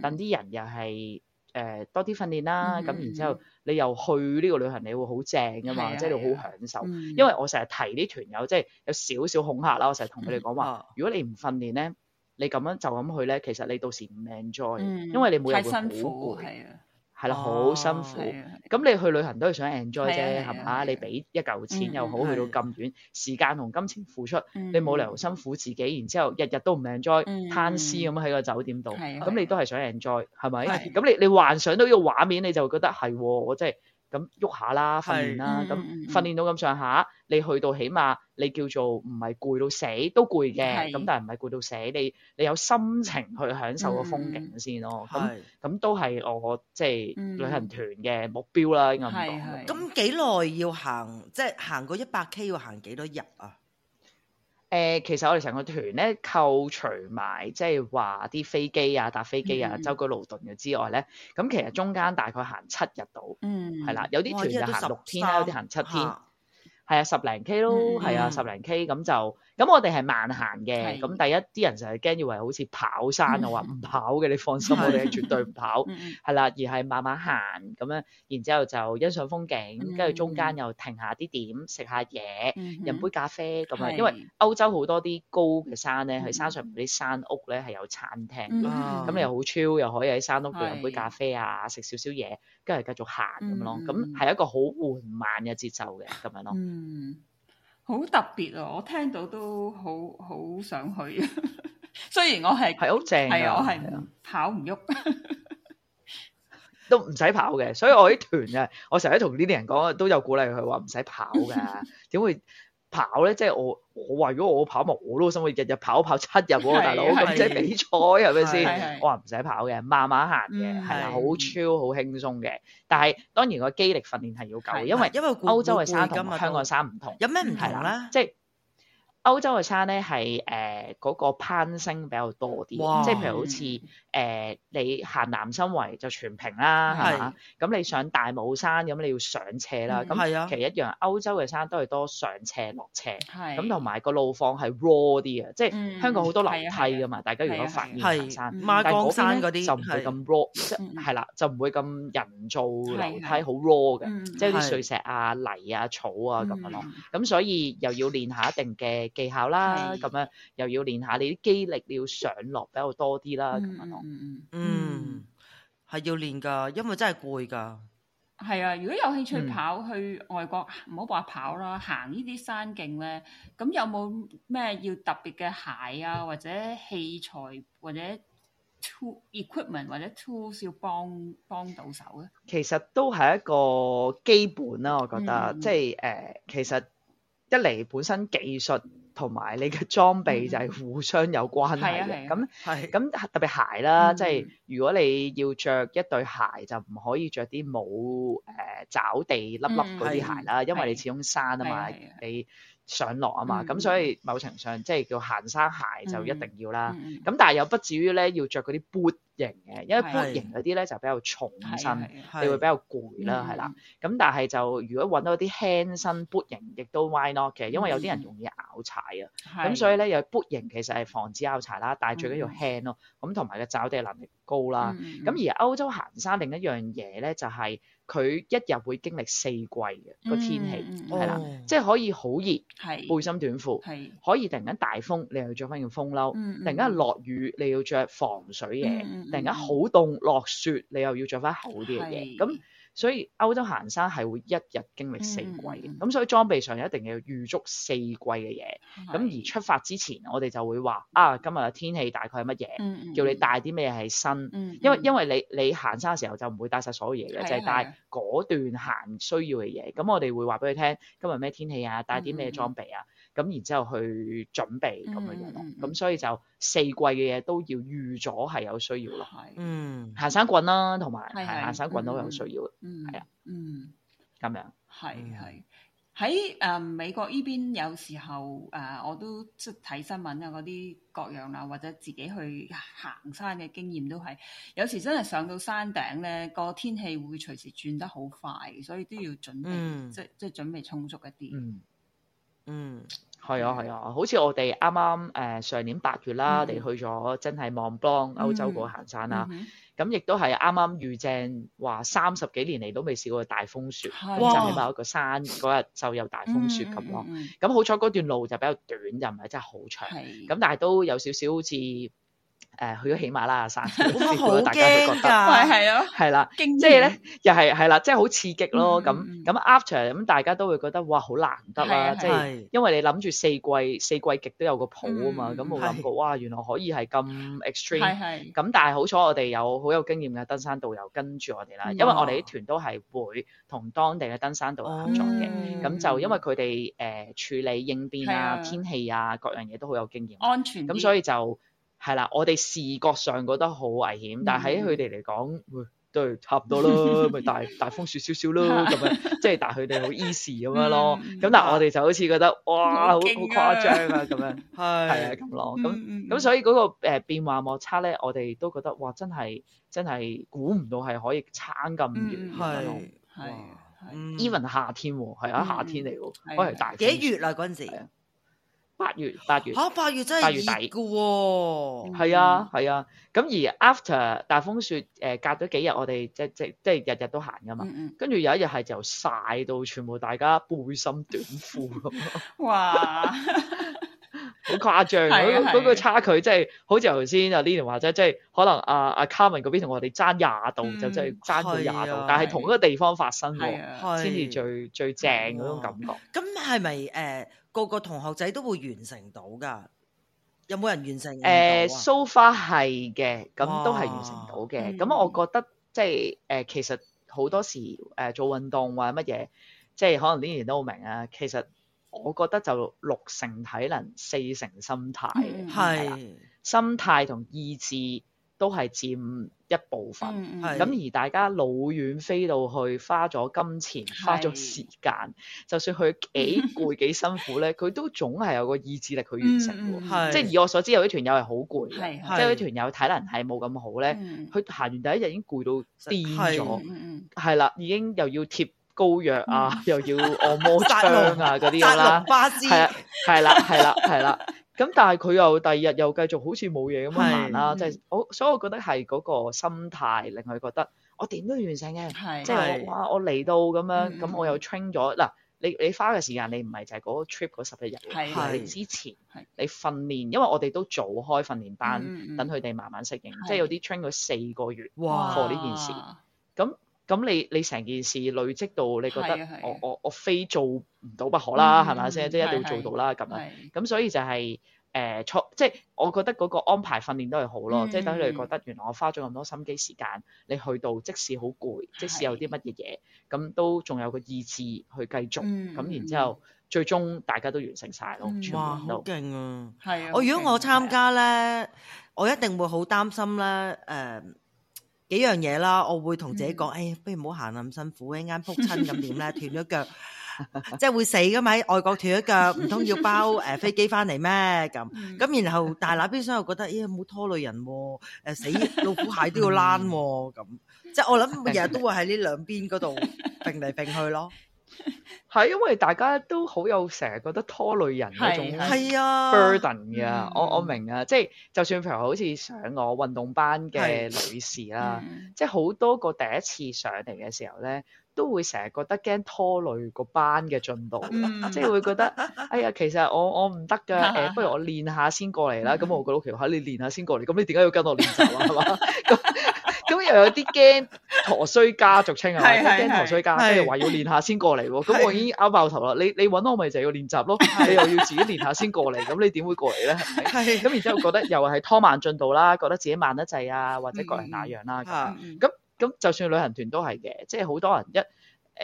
等啲人又係誒多啲訓練啦。咁然之後你又去呢個旅行，你會好正㗎嘛，即係你好享受。因為我成日提啲團友，即係有少少恐嚇啦。我成日同佢哋講話，如果你唔訓練咧，你咁樣就咁去咧，其實你到時唔 enjoy，因為你每日會好攰。係啦，好辛苦。咁噢你去旅行都係想 enjoy 啫，係嘛、嗯？你俾一嚿錢又好，的去到咁遠，時間同金錢付出，的你冇理由辛苦自己，然之後日日都唔 enjoy，攤屍咁喺個酒店度，咁、嗯、你都係想 enjoy，係咪？咁的你你幻想到呢個畫面，你就會覺得係喎，我真係～咁喐下啦，訓練啦，咁是訓練到咁上下，你去到起碼你叫做唔係攰到死，都攰嘅，咁是但係唔係攰到死，你你有心情去享受個風景先咯。咁咁是都係我即係旅行團嘅目標啦，應該咁講。咁幾耐要行？即係行過一百 K 要行幾多日啊？誒、呃，其實我哋成個團咧，扣除埋即係話啲飛機啊、搭飛機啊、舟車勞頓嘅之外咧，咁其實中間大概行七日到，係啦，嗯，有啲團就行六天啦，天有啲行七天。係啊，十零 K 咯，係啊，十零 K 咁就咁，我哋係慢行嘅。咁第一啲人成日驚，以為好似跑山啊，話唔跑嘅，你放心，我哋係絕對唔跑，係啦，而係慢慢行咁樣，然之後就欣賞風景，跟住中間又停下啲點食下嘢，飲杯咖啡咁樣。因為歐洲好多啲高嘅山咧，喺山上嗰啲山屋咧係有餐廳，咁你又好 chill，又可以喺山屋度飲杯咖啡啊，食少少嘢，跟住繼續行咁咯。咁係一個好緩慢嘅節奏嘅咁樣咯。嗯，好特別啊！我聽到都好好想去，啊。 雖然我係係好正，係我係的跑唔不喐， 都唔使跑嘅。所以我啲團啊，我成日同呢啲人講，都有鼓勵佢話唔使跑噶，點 會？跑咧，即係我我，我如果我跑步，我都好心會日日跑跑七日喎。啊，大佬，咁即係比賽係咪先？我話唔使跑嘅，慢慢行嘅，係啊。嗯，好超好輕鬆嘅。但係當然個肌力訓練係要夠，的因為歐因為歐洲嘅山同香港嘅山唔同，有咩唔同咧？即係。歐洲嘅山咧係誒嗰個攀升比較多啲，即係譬如好似誒你行南生圍就全平啦，係啊。咁你上大帽山咁你要上斜啦，咁其實一樣。歐洲嘅山都係多上斜落斜，係咁，同埋個路況係 raw 啲嘅，即係香港好多樓梯㗎嘛。大家如果發現下山，但係嗰邊嗰啲就唔係咁 raw，係啦，就唔會咁人造樓梯，好 raw 嘅，即係啲碎石啊、泥啊、草啊咁樣咯。咁所以又要練下一定嘅。技巧啦，咁是樣又要練下你啲肌力，你力要上落比較多啲啦，咁樣咯。嗯，係、嗯嗯、要練㗎，因為真係攰㗎。係啊，如果有興趣跑、嗯、去外國，唔好話跑啦，行呢啲山徑咧，咁有冇咩要特別嘅鞋啊，或者器材，或者 tool equipment 或者 tools 要幫幫到手咧？其實都係一個基本啦，我覺得，嗯、即係誒、呃，其實一嚟本身技術。同埋你嘅裝備就係互相有關係嘅，咁咁、 啊啊啊、特別鞋啦，即係、 就是、如果你要着一對鞋，就唔可以着啲冇誒抓地粒粒嗰啲鞋啦，因為你始終山啊嘛，你、啊。上落啊嘛，咁所以某程度上即係叫行山鞋就一定要啦。咁但係又不至於咧要着嗰啲 boot 型嘅，因為 boot 型嗰啲咧就比較重身，你會比較攰啦，係啦。咁但係就如果揾到啲輕身 boot 型，亦都 why not 嘅，因為有啲人容易拗柴啊。咁所以咧有 boot 型其實係防止拗柴啦，但係最緊要輕咯。咁同埋個抓地能力高啦。咁而歐洲行山另一樣嘢咧就係，佢一日會經歷四季嘅個天氣，係啦，即係可以好熱，是背心短褲，是可以突然間大風，你又要着翻件風褸；嗯、突然間落雨，你要着防水嘢；嗯、突然間好凍落雪，你又要着翻厚啲嘅嘢。咁是所以歐洲行山係會一日經歷四季嘅，咁、嗯、所以裝備上一定要預足四季嘅嘢。咁是而出發之前，我哋就會話啊，今日嘅天氣大概係乜嘢，叫你帶啲咩係新、嗯嗯因。因為因為你你行山嘅時候就唔會帶晒所有嘢嘅，嗯嗯、就係帶嗰段行需要嘅嘢。咁的我哋會話俾你聽，今日咩天氣啊，帶啲咩裝備啊。嗯嗯咁然之後去準備咁嘅嘢咯，咁、嗯嗯、所以就四季嘅嘢都要預咗係有需要咯。係，嗯，行山棍啦，同埋行山棍都有需要嘅。嗯，係啊樣，是是嗯，咁樣係係喺誒美國呢邊有時候誒、呃、我都即係睇新聞啊嗰啲各樣啦、啊，或者自己去行山嘅經驗都係有時真係上到山頂咧，個天氣會隨時轉得好快，所以都要準備、嗯、即，即，即即準備充足一啲。嗯。嗯係啊係啊，好似我哋啱啱誒上年八月啦，mm hmm. 我哋去咗真係 Mont Blanc 歐洲嗰行山啦，咁亦、mm hmm. 都係啱啱遇正話三十幾年嚟都未試過嘅大風雪，咁哇就起碼一個山嗰日就有大風雪咁咯。咁、mm hmm. 好彩嗰段路就比較短，又唔係真係好長，咁、mm hmm. 但係都有少少好似。誒，去咗喜馬拉雅山，大家都覺得係係咯，係啦，即係咧，又係係啦，即係好刺激咯。咁咁 after 咁，大家都會覺得哇，好難得啊！即係，因為你諗住四季四季極都有個譜啊嘛。咁冇諗過哇，原來可以係咁 extreme。咁但係好彩，我哋有好有經驗嘅登山導遊跟住我哋啦。因為我哋啲團都係會同當地嘅登山導遊合作嘅。咁就因為佢哋誒處理應變啊、天氣啊、各樣嘢都好有經驗，安全。咁所以就。係啦、啊，我哋視覺上覺得好危險，但喺佢哋嚟講，都、哎、係差唔多咯，咪 大大風雪少少咯咁樣，即係 但係佢哋好 easy 咁樣咯。咁但係我哋就好似覺得，哇，好好，好誇張啊咁樣，係係啊咁咯。咁咁、嗯、所以嗰個誒變幻莫測咧，我哋都覺得哇，真係真係估唔到係可以差咁遠咯。係係，even 夏天喎，係啊，夏天嚟喎，可能的大幾月嚟嗰陣時。八月八月嚇，八月真係熱嘅喎。係啊係啊，咁而 after 大風雪，誒隔咗幾日，我哋即即即日日都行噶嘛。跟住有一日係由晒到，全部大家背心短褲。哇！好誇張，嗰嗰個差距真係好似頭先阿 Lily 話啫，即係可能阿阿 Carmen 嗰邊同我哋爭廿度，就真係爭咗廿度，但係同一個地方發生喎，先至最最正嗰種感覺。咁係咪誒？個個同學仔都會完成到噶，有冇人完成？誒、uh, so，far 係嘅，咁都係完成到嘅。咁哇我覺得即係誒、呃，其實好、呃、多時誒、呃、做運動或乜嘢，即係可能呢啲人都好明啊。其實我覺得就六成體能，四成心態係、嗯、的心態同意志都係佔。一部分，咁而大家老遠飛到去，花咗金錢，花咗時間，就算佢幾攰幾辛苦咧，佢都總係有個意志力去完成㗎。即係以我所知，有啲團友係好攰，即係有啲團友體能係冇咁好咧，佢行完第一日已經攰到癲咗，係啦，已經又要貼膏藥啊，又要按摩霜啊嗰啲啦，紮龍花枝，係啦，係啦，係啦。咁但係佢又第二日又繼續好似冇嘢咁樣啦，即係我，所以我覺得係嗰個心態令佢覺得我點都要完成嘅，即係哇！我嚟到咁樣，咁我又 train 咗嗱，你你花嘅時間你唔係就係嗰 trip 嗰十一日，係你之前，你訓練，因為我哋都早開訓練班，等佢哋慢慢適應，即係有啲 train 咗四個月哇，呢件事，咁。咁你你成件事累積到你覺得我我我非做唔到不可啦，係咪先？即係一定要做到啦咁樣。咁所以就係誒錯，即係我覺得嗰個安排訓練都係好咯。即係等於你覺得原來我花咗咁多心機時間，你去到即使好攰，即使有啲乜嘢嘢，咁都仲有個意志去繼續。咁然之後，最終大家都完成曬咯，全部都。哇！好勁啊！係啊，我如果我參加咧，我一定會好擔心咧。誒。幾樣嘢啦，我會同自己講，誒、嗯哎，不如唔好行咁辛苦，一間仆親咁點咧，斷咗腳， 即係會死噶嘛？喺外國斷咗腳，唔通要包誒、呃、飛機翻嚟咩？咁咁、嗯、然後，但係那邊想又覺得，咦、哎，唔好拖累人、啊，誒、呃，死老虎蟹都要躝、啊，咁、嗯、即係我諗，日日都會喺呢兩邊嗰度拼嚟拼去咯。係， 因為大家都好有成日覺得拖累人嗰種，係啊 burden 嘅的、嗯，我我明啊，即係就算譬如好似上我運動班嘅女士啦，嗯、即係好多個第一次上嚟嘅時候咧，都會成日覺得驚拖累個班嘅進度，嗯、即係會覺得， 哎呀，其實我我唔得噶，誒、 呃，不如我練下先過嚟啦，咁我個老奇話你練下先過嚟，咁你點解要跟我練習啦？又有啲驚陀衰家，俗稱啊。係係，驚陀衰家，即係話要練下先過嚟喎。咁我已經拗爆頭啦。你，你揾我咪就要練習咯。你又要自己練下先過嚟，咁你點會過嚟咧？係咪？係。咁然之後覺得又係拖慢進度啦，覺得自己慢得滯啊，或者覺得哪樣啦。係。咁咁，就算旅行團都係嘅，即係好多人一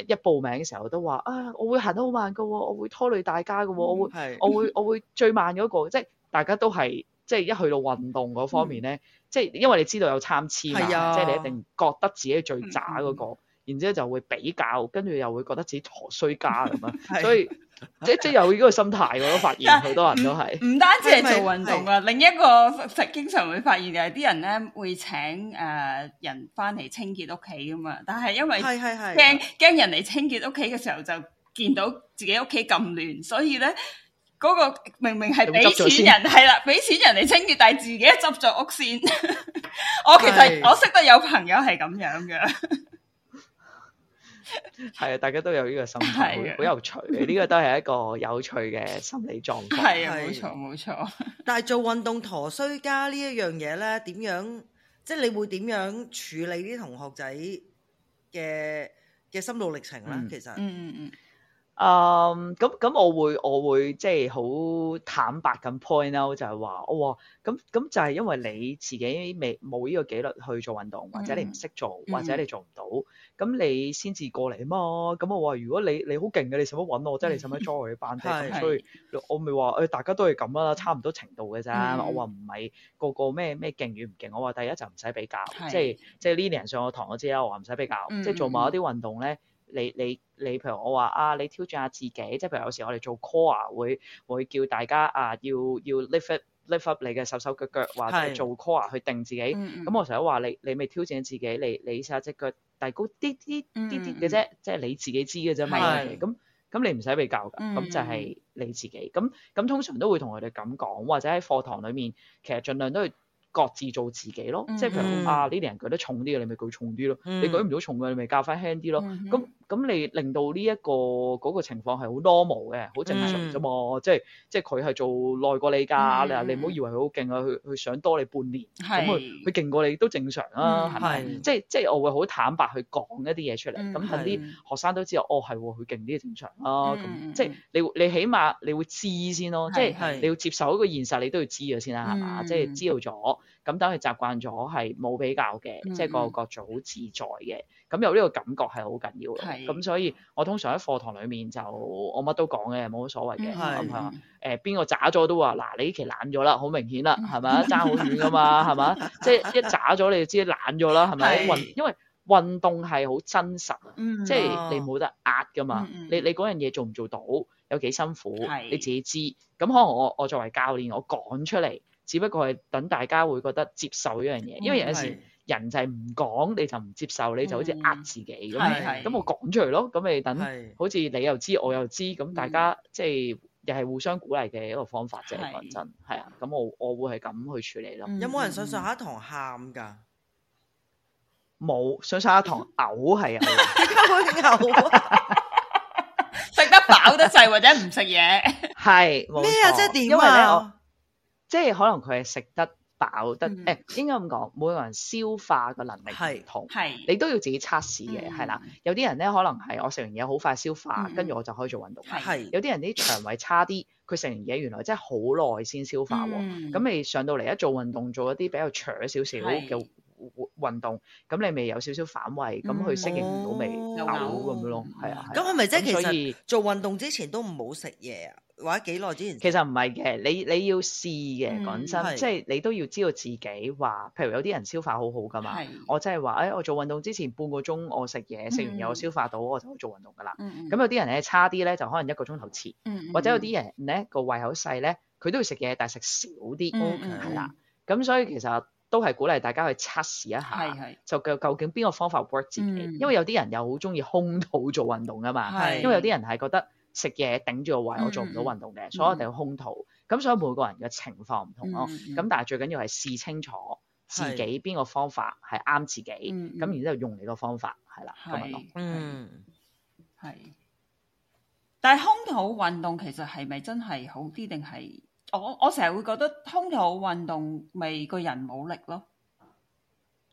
誒一報名嘅時候都話：啊，我會行得好慢噶，我會拖累大家噶，我會我會我會最慢嗰個。即係大家都係即係一去到運動嗰方面咧。即係因為你知道有參差嘛，呀即係你一定覺得自己最渣嗰、那個，嗯、然之後就會比較，跟住又會覺得自己陀衰家咁樣， 是的 所以 即即係有呢個心態，我都發現好 但多人都係。唔、嗯、單止係做運動啊，是是另一個實經常會發現係啲人咧會請誒、呃、人翻嚟清潔屋企噶嘛，但係因為驚驚的人嚟清潔屋企嘅時候就見到自己屋企咁亂，所以咧。嗰個明明係俾錢人係啦，俾錢人嚟清潔，但係自己執咗屋先。 我其實的我識得有朋友係咁樣嘅，係 啊，大家都有呢個心態，好的有趣。呢個都係一個有趣嘅心理狀態。係啊的，冇錯冇錯。錯 但係做運動陀衰家呢一樣嘢咧，點樣即係你會點樣處理啲同學仔嘅嘅心路歷程咧？其實，嗯嗯嗯。嗯嗯嗯，咁咁、um, 我會我會即係好坦白咁 point out 就係話，哇、mm，咁、hmm. 咁就係因為你自己未冇呢個紀律去做運動，或者你唔識做，或者你做唔到，咁、mm hmm. 你先至過嚟嘛。咁我話如果你你好勁嘅，你使乜揾我？即、就、係、是、你使乜 join 我啲班？ 是所以，是所以我咪話，誒、呃，大家都係咁啊，差唔多程度嘅咋、mm hmm. 我話唔係個個咩咩勁與唔勁。我話第一就唔使比較，即係即係呢年人上我堂我知啦。我話唔使比較，即係、就是、做某一啲運動咧。你你你，譬如我話啊，你挑戰下自己，即係譬如有時我哋做 core 會會叫大家啊，要要 lift up lift up 你嘅手手腳腳，或者做 core 去定自己。咁我成日話你你咪挑戰自己，你你試下隻腳遞高啲啲啲啲嘅啫，即係你自己知嘅啫。咁咁你唔使俾教㗎，咁就係你自己。咁咁通常都會同佢哋咁講，或者喺課堂裡面，其實盡量都係各自做自己咯。即係譬如啊，呢啲人舉得重啲嘅，你咪舉重啲咯。你舉唔到重嘅，你咪教翻輕啲咯。咁咁你令到呢一個嗰個情況係好 normal 嘅，好正常啫嘛。即係即係佢係做耐過你㗎，你你唔好以為佢好勁啊。佢佢想多你半年，咁佢佢勁過你都正常啦，係咪？即係即係我會好坦白去講一啲嘢出嚟，咁等啲學生都知道。哦，係喎，佢勁啲正常啦。咁即係你你起碼你會知先咯，即係你要接受一個現實，你都要知咗先啦，係嘛？即係知道咗。咁等佢習慣咗係冇比較嘅，即係個個做好自在嘅。咁有呢個感覺係好緊要嘅。咁所以我通常喺課堂裡面就我乜都講嘅，冇乜所謂嘅。咁啊，誒邊個渣咗都話，嗱你呢期懶咗啦，好明顯啦，係咪啊？爭好遠噶嘛，係咪啊？即係一渣咗你就知懶咗啦，係咪？運因為運動係好真實，即係你冇得壓噶嘛。你你嗰樣嘢做唔做到，有幾辛苦，你自己知。咁可能我我作為教練，我講出嚟。只不過係等大家會覺得接受呢樣嘢，因為有陣時人就係唔講，你就唔接受，你就好似呃自己咁。咁、嗯、我講出嚟咯，咁咪等，是是好似你又知我又知，咁大家、嗯、即係又係互相鼓勵嘅一個方法啫。講、就、真、是，係啊是 是是，咁我我會係咁去處理啦。有冇人上上下一堂喊噶？冇上、嗯、上下堂嘔係啊！而家會嘔啊！食 得飽得滯或者唔食嘢係咩啊？即係點啊？ 即係可能佢係食得飽得，誒、 欸、應該咁講，每個人消化嘅能力唔同，係 是 你都要自己測試嘅，係 啦。有啲人咧可能係我食完嘢好快消化， 跟住我就可以做運動。係 是 有啲人啲腸胃差啲，佢食完嘢原來真係好耐先消化喎。咁 你上到嚟一做運動，做一啲比較長少少嘅運動，咁你咪有少少反胃，咁佢適應唔到咪嘔咁樣咯，係啊。咁係咪即係其實做運動之前都唔好食嘢啊？玩幾耐之前，其實唔係嘅，你你要試嘅。講真，即係你都要知道自己話，譬如有啲人消化好好噶嘛。我真係話，誒，我做運動之前半個鐘，我食嘢，食完嘢我消化到，我就做運動噶啦。咁有啲人咧差啲咧，就可能一個鐘頭前，或者有啲人咧個胃口細咧，佢都要食嘢，但係食少啲。O K 啦，咁所以其實都係鼓勵大家去測試一下，就究竟邊個方法 work 自己。因為有啲人又好中意空肚做運動噶嘛，因為有啲人係覺得。食嘢頂住個胃，我做唔到運動嘅，嗯、所以我哋要空肚。咁、嗯、所以每個人嘅情況唔同咯。咁、嗯嗯、但係最緊要係試清楚自己邊個方法係啱自己。咁、嗯嗯、然之後用你個方法係啦，咁啊，嗯，係、嗯。但係空肚運動其實係咪真係好啲定係？我我成日會覺得空肚運動咪個人冇力咯。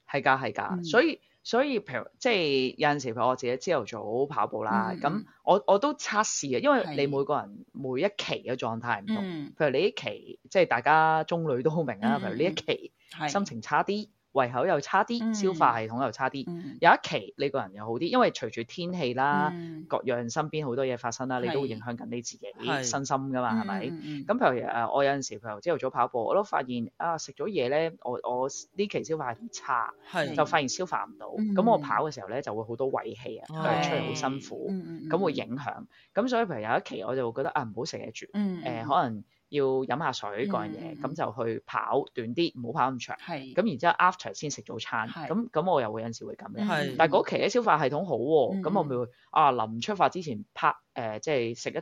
係㗎，係㗎，所以。嗯。所以，譬如即係有陣時譬如我自己朝頭早跑步啦，咁、嗯、我我都測試啊，因為你每個人每一期嘅狀態唔同。嗯、譬如你一期，即係大家中女都好明啊，嗯、譬如呢一期係心情差啲。胃口又差啲，消化系統又差啲。有一期你個人又好啲，因為隨住天氣啦，各樣身邊好多嘢發生啦，你都會影響緊你自己身心㗎嘛，係咪？咁譬如誒，我有陣時譬如朝頭早跑步，我都發現啊，食咗嘢咧，我我呢期消化係差，就發現消化唔到。咁我跑嘅時候咧就會好多胃氣啊，出嚟好辛苦，咁會影響。咁所以譬如有一期我就會覺得啊，唔好食嘢住，誒可能。要飲下水嗰、mm hmm. 樣嘢，咁就去跑短啲，唔好跑咁長。係咁是，然之後 after 先食早餐。咁咁是，我又有會有陣時會咁樣。係是，但係嗰期咧消化系統好喎、啊，咁、mm hmm. 我咪會啊，臨出發之前拍誒、呃，即係食一條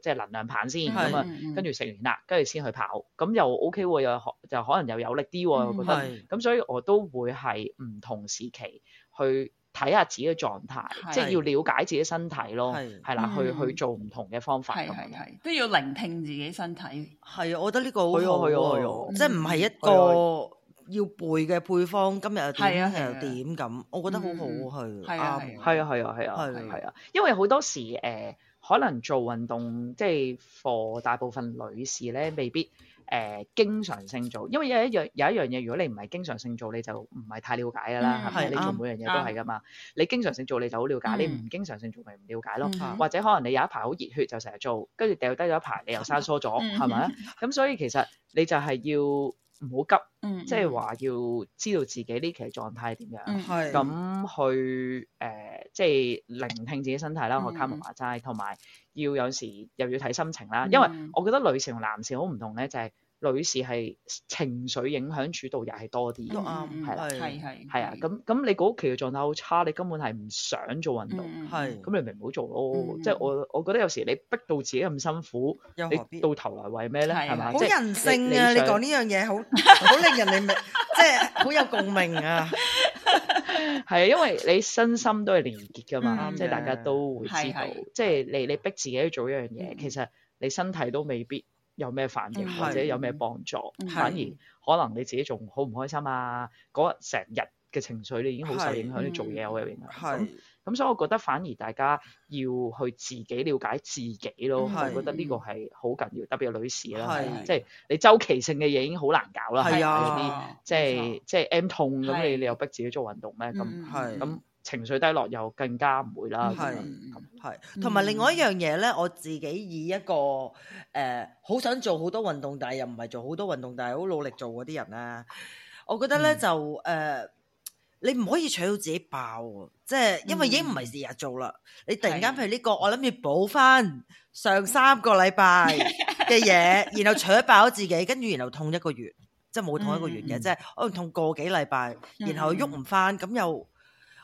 即係能量棒先咁啊，跟住食完啦，跟住先去跑，咁又 OK 喎、啊，又可就可能又有力啲喎、啊，mm hmm. 我覺得。係是，咁是所以我都會係唔同時期去。睇下自己嘅狀態，即係要了解自己身體咯，係啦，去去做唔同嘅方法，係係係都要聆聽自己身體。係，我覺得呢個好好啊，即係唔係一個要背嘅配方，今日係啊點咁？我覺得好好去，啱係啊係啊係啊係啊，因為好多時誒，可能做運動即係課，大部分女士咧未必。誒、呃、經常性做，因為有一樣有一樣嘢，如果你唔係經常性做，你就唔係太了解㗎啦，係咪、嗯？你做每樣嘢都係㗎嘛，嗯、你經常性做你就好了解，嗯、你唔經常性做咪唔了解咯，嗯、或者可能你有一排好熱血就成日做，跟住掉低咗一排你又生疏咗，係咪、嗯？咁、嗯、所以其實你就係要。唔好急，即係話要知道自己呢期狀態點樣，咁、嗯、去誒，即、呃、係、就是、聆聽自己身體啦。我卡姆話齋，同埋、嗯、要有時又要睇心情啦。因為我覺得女性同男性好唔同咧，就係、是。女士係情緒影響主導，又係多啲。啱，係係係、係啊。咁咁，你嗰個情緒狀態好差，你根本係唔想做運動，係，咁你咪唔好做咯。即係我我覺得有時你逼到自己咁辛苦，你到頭來為咩咧？係咪？好人性啊！你講呢樣嘢，好好令人哋明，即係好有共鳴啊！係啊，因為你身心都係連結噶嘛，即係大家都會知道，即係你你逼自己去做一樣嘢，其實你身體都未必。有咩反應或者有咩幫助？是反而可能你自己仲好唔開心啊！嗰日成日嘅情緒，你已經好受影響，是你做嘢好有影響。係是，咁所以我覺得反而大家要去自己了解自己咯。是我覺得呢個係好緊要，特別女士啦。係是，即係你周期性嘅嘢已經好難搞啦。係啊，啲即係即係 M 痛咁，你你又逼自己做運動咩？咁係咁。情緒低落又更加唔會啦，係，係，同埋另外一樣嘢咧，我自己以一個誒好想做好多運動，但係又唔係做好多運動，但係好努力做嗰啲人啊，我覺得咧就誒，你唔可以取到自己爆，即係因為已經唔係日日做啦，你突然間譬如呢個，我諗住補翻上三個禮拜嘅嘢，然後取爆自己，跟住然後痛一個月，即係冇痛一個月嘅，即可能痛個幾禮拜，然後喐唔翻，咁又。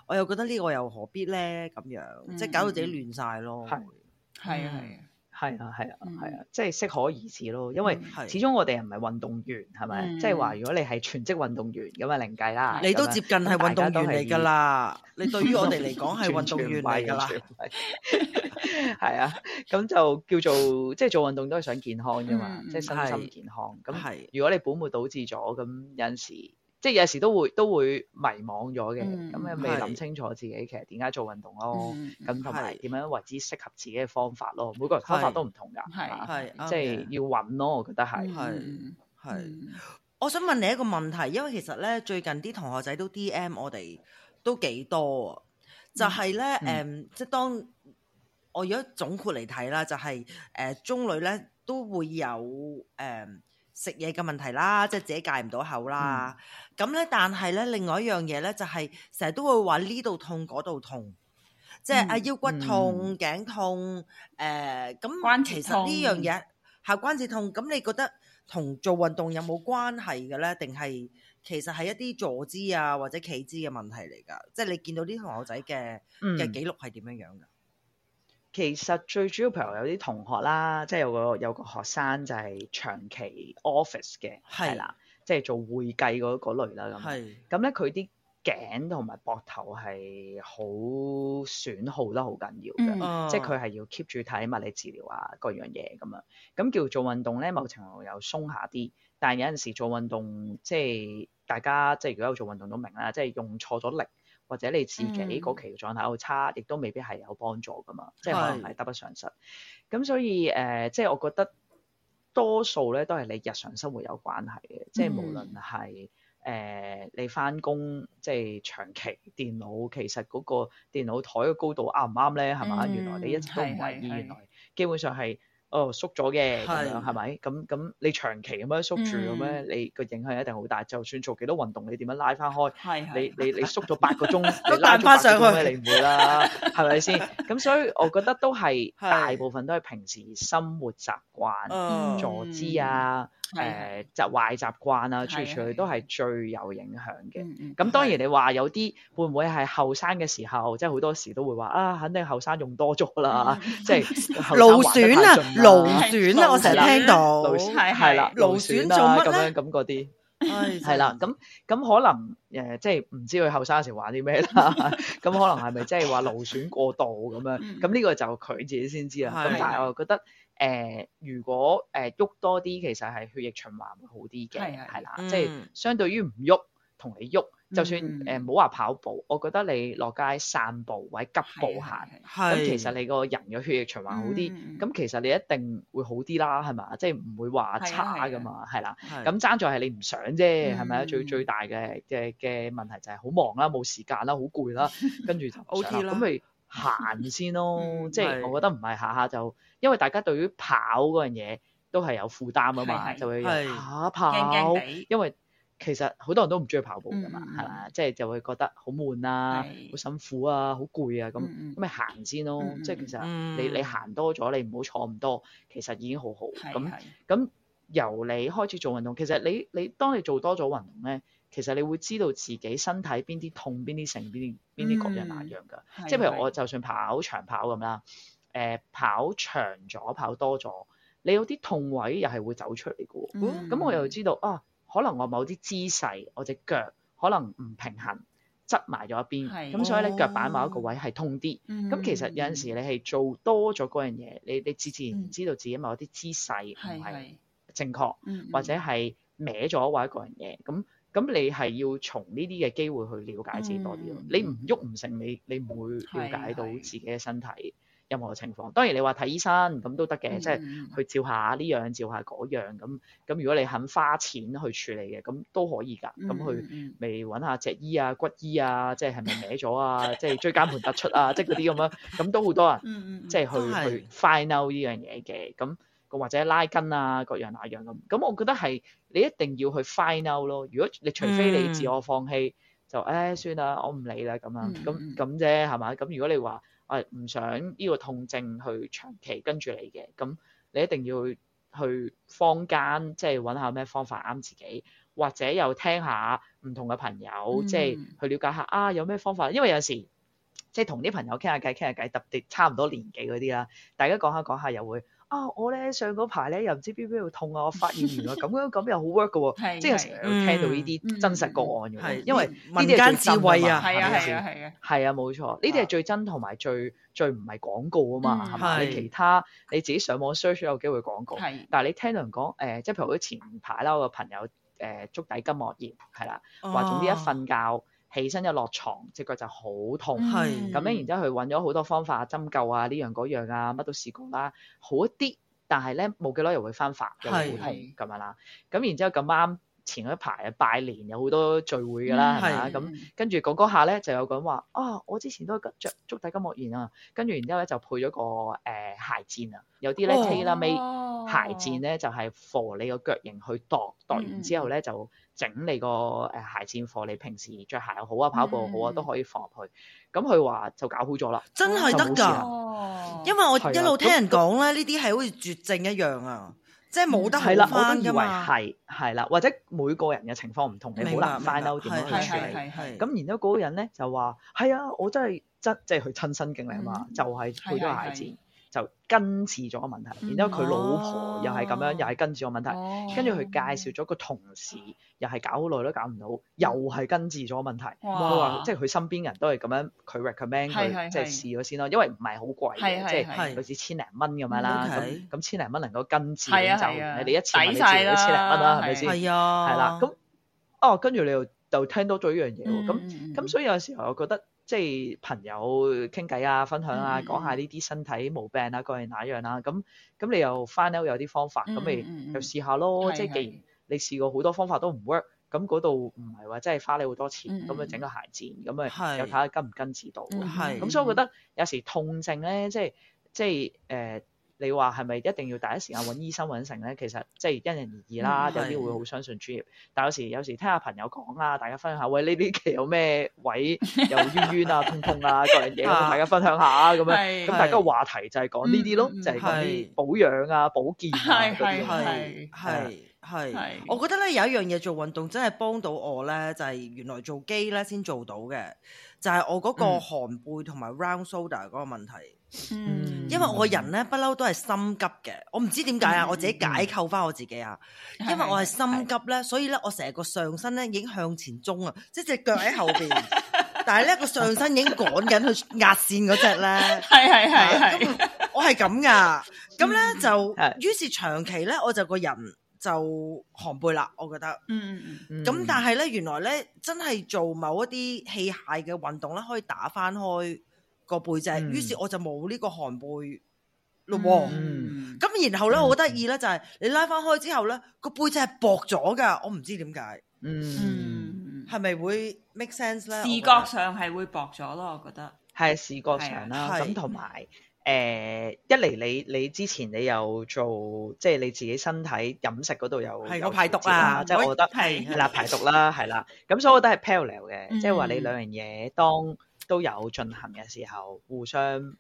我又覺得呢個又何必咧咁樣，即係搞到自己亂晒咯。係係啊係啊係啊係啊，即係適可而止咯。因為始終我哋唔係運動員，係咪？即係話如果你係全職運動員咁啊，另計啦。你都接近係運動員嚟噶啦。你對於我哋嚟講係運動員嚟噶啦。係啊，咁就叫做即係做運動都係想健康啫嘛，即係身心健康。咁如果你本末倒置咗，咁有陣時。即係有時都會都會迷惘咗嘅，咁你未諗清楚自己其實點解做運動咯，咁同埋點樣為之適合自己嘅方法咯，嗯、每個人方法都唔同㗎，係即係要揾咯，嗯、我覺得係係係。我想問你一個問題，因為其實咧最近啲同學仔都 D.M 我哋都幾多啊，就係咧誒，即係當我如果總括嚟睇啦，就係、係、誒、呃、中女咧都會有誒。嗯食嘢嘅問題啦，即係自己戒唔到口啦。咁咧、嗯，但係咧，另外一樣嘢咧就係成日都會話呢度痛嗰度痛，即係阿腰骨痛、頸痛。誒、呃，咁、嗯、其實呢樣嘢係關節痛。咁、嗯、你覺得同做運動有冇關係嘅咧？定係其實係一啲坐姿啊或者企姿嘅問題嚟噶？即係你見到啲同學仔嘅嘅記錄係點樣樣噶？其實最主要譬如有啲同學啦，即係有個有個學生就係長期 office 嘅，係是啦，即係做會計嗰類啦咁。係咁咧，佢啲頸同埋膊頭係好損耗得好緊要嘅，嗯、即係佢係要 keep 住睇物理治療啊各樣嘢咁樣。咁叫做做運動咧，某程度又鬆下啲，但係有陣時做運動即係大家即係如果有做運動都明啦，即係用錯咗力。或者你自己嗰期嘅狀態好差，亦、嗯、都未必係有幫助噶嘛，是即係可能係得不償失。咁所以誒，即係我覺得多數咧都係你日常生活有關係嘅、嗯呃，即係無論係誒你翻工即係長期電腦，其實嗰個電腦台嘅高度啱唔啱咧，係嘛？嗯、原來你一直都唔維護，原來基本上係。哦，縮咗嘅，咁係咪？咁咁你長期咁樣縮住咁咧，嗯、你個影響一定好大。就算做幾多運動，你點樣拉翻開？係的，你你你縮咗八個鐘，你， 你拉翻上去， 你唔會啦，係咪先？咁所以我覺得都係 大部分都係平時生活習慣，坐姿啊。嗯嗯誒，就壞習慣啊，處處都係最有影響嘅。咁的當然你話有啲會唔會係後生嘅時候，的即係好多時都會話啊，肯定後生用多咗啦， 即係勞損啦，勞損啦，我成日聽到，係係啦，勞損、啊、做乜咧咁嗰啲。係、 呃、啦，咁咁、 嗯、可能誒，即係唔知佢後生嗰時玩啲咩啦，咁可能係咪即係話勞損過度咁樣？咁呢、 嗯、個就佢自己先知啦。咁 的但係我覺得誒、呃，如果誒喐、呃、多啲，其實係血液循環會好啲嘅。係啦，即係相對於唔喐同你喐。就算誒唔好話跑步，我覺得你落街散步或者急步行，咁其實你個人嘅血液循環好啲，咁其實你一定會好啲啦，係嘛？即係唔會話差噶嘛，係啦。咁爭在係你唔想啫，係咪啊？最最大嘅嘅嘅問題就係好忙啦，冇時間啦，好攰啦，跟住就 O K 啦。咁咪行先咯，即係我覺得唔係下下就，因為大家對於跑嗰樣嘢都係有負擔啊嘛，就會下跑，因為。其實好多人都唔中意跑步噶嘛，係咪？即係就會覺得好悶啊，好辛苦啊，好攰啊，咁咁咪行先咯。即係其實你你行多咗，你唔好坐咁多，其實已經好好。咁咁由你開始做運動，其實你你當你做多咗運動咧，其實你會知道自己身體邊啲痛、邊啲剩、邊邊啲各人難樣噶。即係譬如我就算跑長跑咁啦，誒跑長咗、跑多咗，你有啲痛位又係會走出嚟噶。咁我又知道啊。可能我某啲姿勢，我隻腳可能唔平衡，側埋咗一邊，咁的、嗯、所以咧腳板某一個位係痛啲。咁、嗯嗯、其實有陣時你係做多咗嗰樣嘢，你你自自然然知道自己某啲姿勢唔係正確，嗯嗯嗯、或者係歪咗或一個樣嘢。咁咁、嗯嗯、你係要從呢啲嘅機會去了解自己多啲咯。嗯嗯、你唔喐唔成，你你唔會了解到自己嘅身體。嗯嗯嗯嗯嗯任何情況，當然你話睇醫生咁都得嘅，即係去照下呢樣，照下嗰樣咁。咁如果你肯花錢去處理嘅，咁都可以㗎。咁去咪揾下脊醫啊、骨醫啊，即係係咪歪咗啊？ 即係椎間盤突出啊，即係嗰啲咁樣，咁都好多人即係去去 find out 呢樣嘢嘅。咁或者拉筋啊，各樣、各樣、各樣那樣咁。咁我覺得係你一定要去 find out 咯。如果你除非你自我放棄， 就誒、哎、算啦，我唔理啦咁啊。咁咁啫係嘛？咁、嗯嗯、如果你話，我唔想呢個痛症去長期跟住你嘅，咁你一定要去去坊間，即係揾下咩方法啱自己，或者又聽下唔同嘅朋友，即係去了解下啊有咩方法，因為有時即係同啲朋友傾下偈傾下偈，特別差唔多年紀嗰啲啦，大家講下講下又會。啊！我咧上嗰排咧又唔知邊邊度痛啊！我發現原來咁樣咁又好 work 嘅喎，啊， 即係成日聽到呢啲真實個案嘅， 因為民間智慧啊，係啊係啊，係啊，係啊冇錯，呢啲係最真同埋最最唔係廣告啊嘛，係，嗯、的其他你自己上網 search 有機會廣告，的但係你聽到人講，誒，即，呃，係譬如佢前排啦，我個朋友誒，呃，足底筋膜炎係啦，話總之一瞓覺。嗯嗯，起身一落床隻腳就好痛，咁樣是然之後佢揾咗好多方法，針灸啊、呢樣嗰樣啊，乜都試過啦，好一啲，但係咧冇幾耐又會翻發嘅，係咁樣啦。咁然之後咁啱前一排啊，拜年有好多聚會㗎啦，係嘛？咁跟住講講下咧就有講話啊，我之前都跟著足底筋膜炎啊，跟住、啊、然之後咧就配咗個誒、呃、鞋墊啊，有啲咧氣啦味鞋墊咧哇就係扶你個腳型去度。度完之後咧就。整你個誒鞋墊貨，你平時着鞋又好啊，跑步好啊，都可以放入去。咁佢話就搞好咗啦，真係得噶。哦、因為我一路聽人講咧，呢啲係好似絕症一樣啊，即係冇得好翻噶。係，係 啦、嗯， 或者每個人嘅情況唔同，你好難 find out 點樣去處理。咁然之後嗰個人咧就話：，係啊，我真係真的即係佢親身經歷啊嘛，嗯、就係配咗鞋墊。就根治咗個問題，然之後佢老婆又係咁樣，又係根治個問題，跟住佢介紹咗個同事，又係搞好耐都搞唔到，又係根治咗個問題。哇！即係佢身邊人都係咁樣，佢 recommend 佢即係試咗先咯，因為唔係好貴嘅，即係類似千零蚊咁樣啦。咁咁千零蚊能夠根治，就你一次買曬啦，千零蚊啦，係咪先？係啊，係啦。咁哦，跟住你又就聽到咗呢樣嘢喎。咁咁，所以有時候我覺得。即係朋友傾偈啊、分享啊、講下呢啲身體毛病啊、mm hmm. 各樣哪樣啦，咁咁你又翻咧有啲方法，咁咪、mm hmm. 又試下咯。Mm hmm. 即係既然你試過好多方法都唔 work，咁嗰度唔係話真係花你好多錢，咁、mm hmm. 樣整個鞋墊，咁咪又睇下根唔根治到嘅。咁、mm hmm. 所以我覺得有時痛症咧，即係即係誒。呃你話係咪一定要第一時間揾醫生揾成咧？其實即係因人而異啦， 有啲會好相信專業，但有時有時聽下朋友講啊，大家分享下，喂，呢啲期有咩位有冤冤啊、痛痛啊各樣嘢，同 大家分享下咁樣。咁的大家話題就係講呢啲咯，就係講啲保養啊、保健係係係係。我覺得咧有一樣嘢做運動真係幫到我咧，就係、是、原來做 gym 咧先做到嘅，就係、是、我嗰個寒背同埋 round shoulder 嗰個問題。嗯 嗯，因為我人咧不嬲都係心急嘅，我唔知點解啊，嗯、我自己解構翻我自己啊，因為我係心急咧，是是是是所以咧我成個上身咧已經向前衝啊，即係隻腳喺後邊， 但係咧個上身已經趕緊去壓線嗰隻咧，係係係係，我係咁噶，咁、嗯、咧、嗯、就於是長期咧我就個人就寒背啦，我覺得，嗯嗯，咁、嗯、但係咧原來咧真係做某一啲器械嘅運動咧可以打翻開。個背脊，於是我就冇呢個寒背咯。嗯，咁然後咧，好得意咧，就係你拉翻開之後咧，個背脊係薄咗噶。我唔知點解，嗯，係咪會 make sense 咧？視覺上係會薄咗咯，我覺得係視覺上啦。咁同埋誒，一嚟，你你之前你有做，即係你自己身體飲食嗰度有係咁排毒啦。即係我覺得係啦，排毒啦，係啦。咁所以我都係 parallel 嘅，即係話你兩樣嘢當。都有進行嘅時候，互相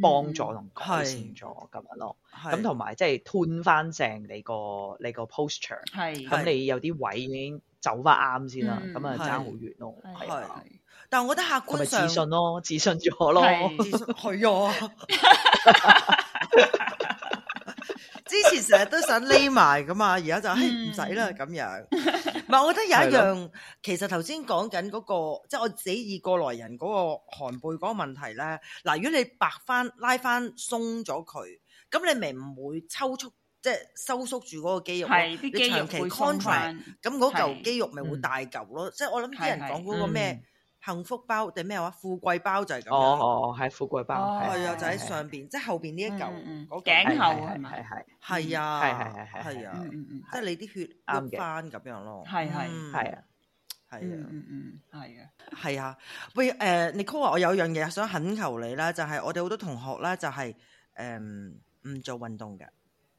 幫助同改善咗咁樣咯。咁同埋即係換翻正你個你個 posture，咁你有啲位已經走翻啱先啦。咁啊爭好遠咯，係。但係我覺得客觀上自信咯，自信咗咯，係啊。 之前成日都想匿埋噶嘛，而家就嘿唔使啦咁樣。唔係，我覺得有一樣， 對的 其實頭先講緊嗰個，即係我自己以過來人嗰個寒背嗰個問題咧。嗱，如果你白翻拉翻鬆咗佢，咁你咪唔會抽搐，即係收縮住嗰個肌肉咯。肉你長期 contract，咁嗰嚿肌肉咪會大嚿咯。即係我諗啲人講嗰個咩？幸福包定咩話？富貴包就係咁樣。哦哦，係富貴包。哦，係啊，就喺上邊，即係後邊呢一嚿。嗯嗯。頸後啊嘛。係係。係啊。係係係係。係啊。即係你啲血壓翻咁樣咯。係係係啊。係啊。嗯係啊。係啊。喂誒，Nicole，我有樣嘢想懇求你啦，就係我哋好多同學咧，就係誒唔做運動嘅，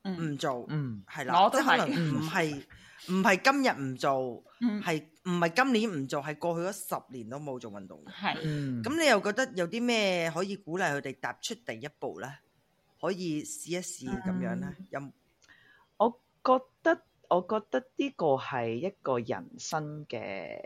唔做，嗯係啦，我都可能唔係。唔係今日唔做，係唔係今年唔做，係過去咗十年都冇做運動。係是，咁你又覺得有啲咩可以鼓勵佢哋踏出第一步咧？可以試一試咁樣咧。嗯、有,有，我覺得，我覺得呢個係一個人生嘅，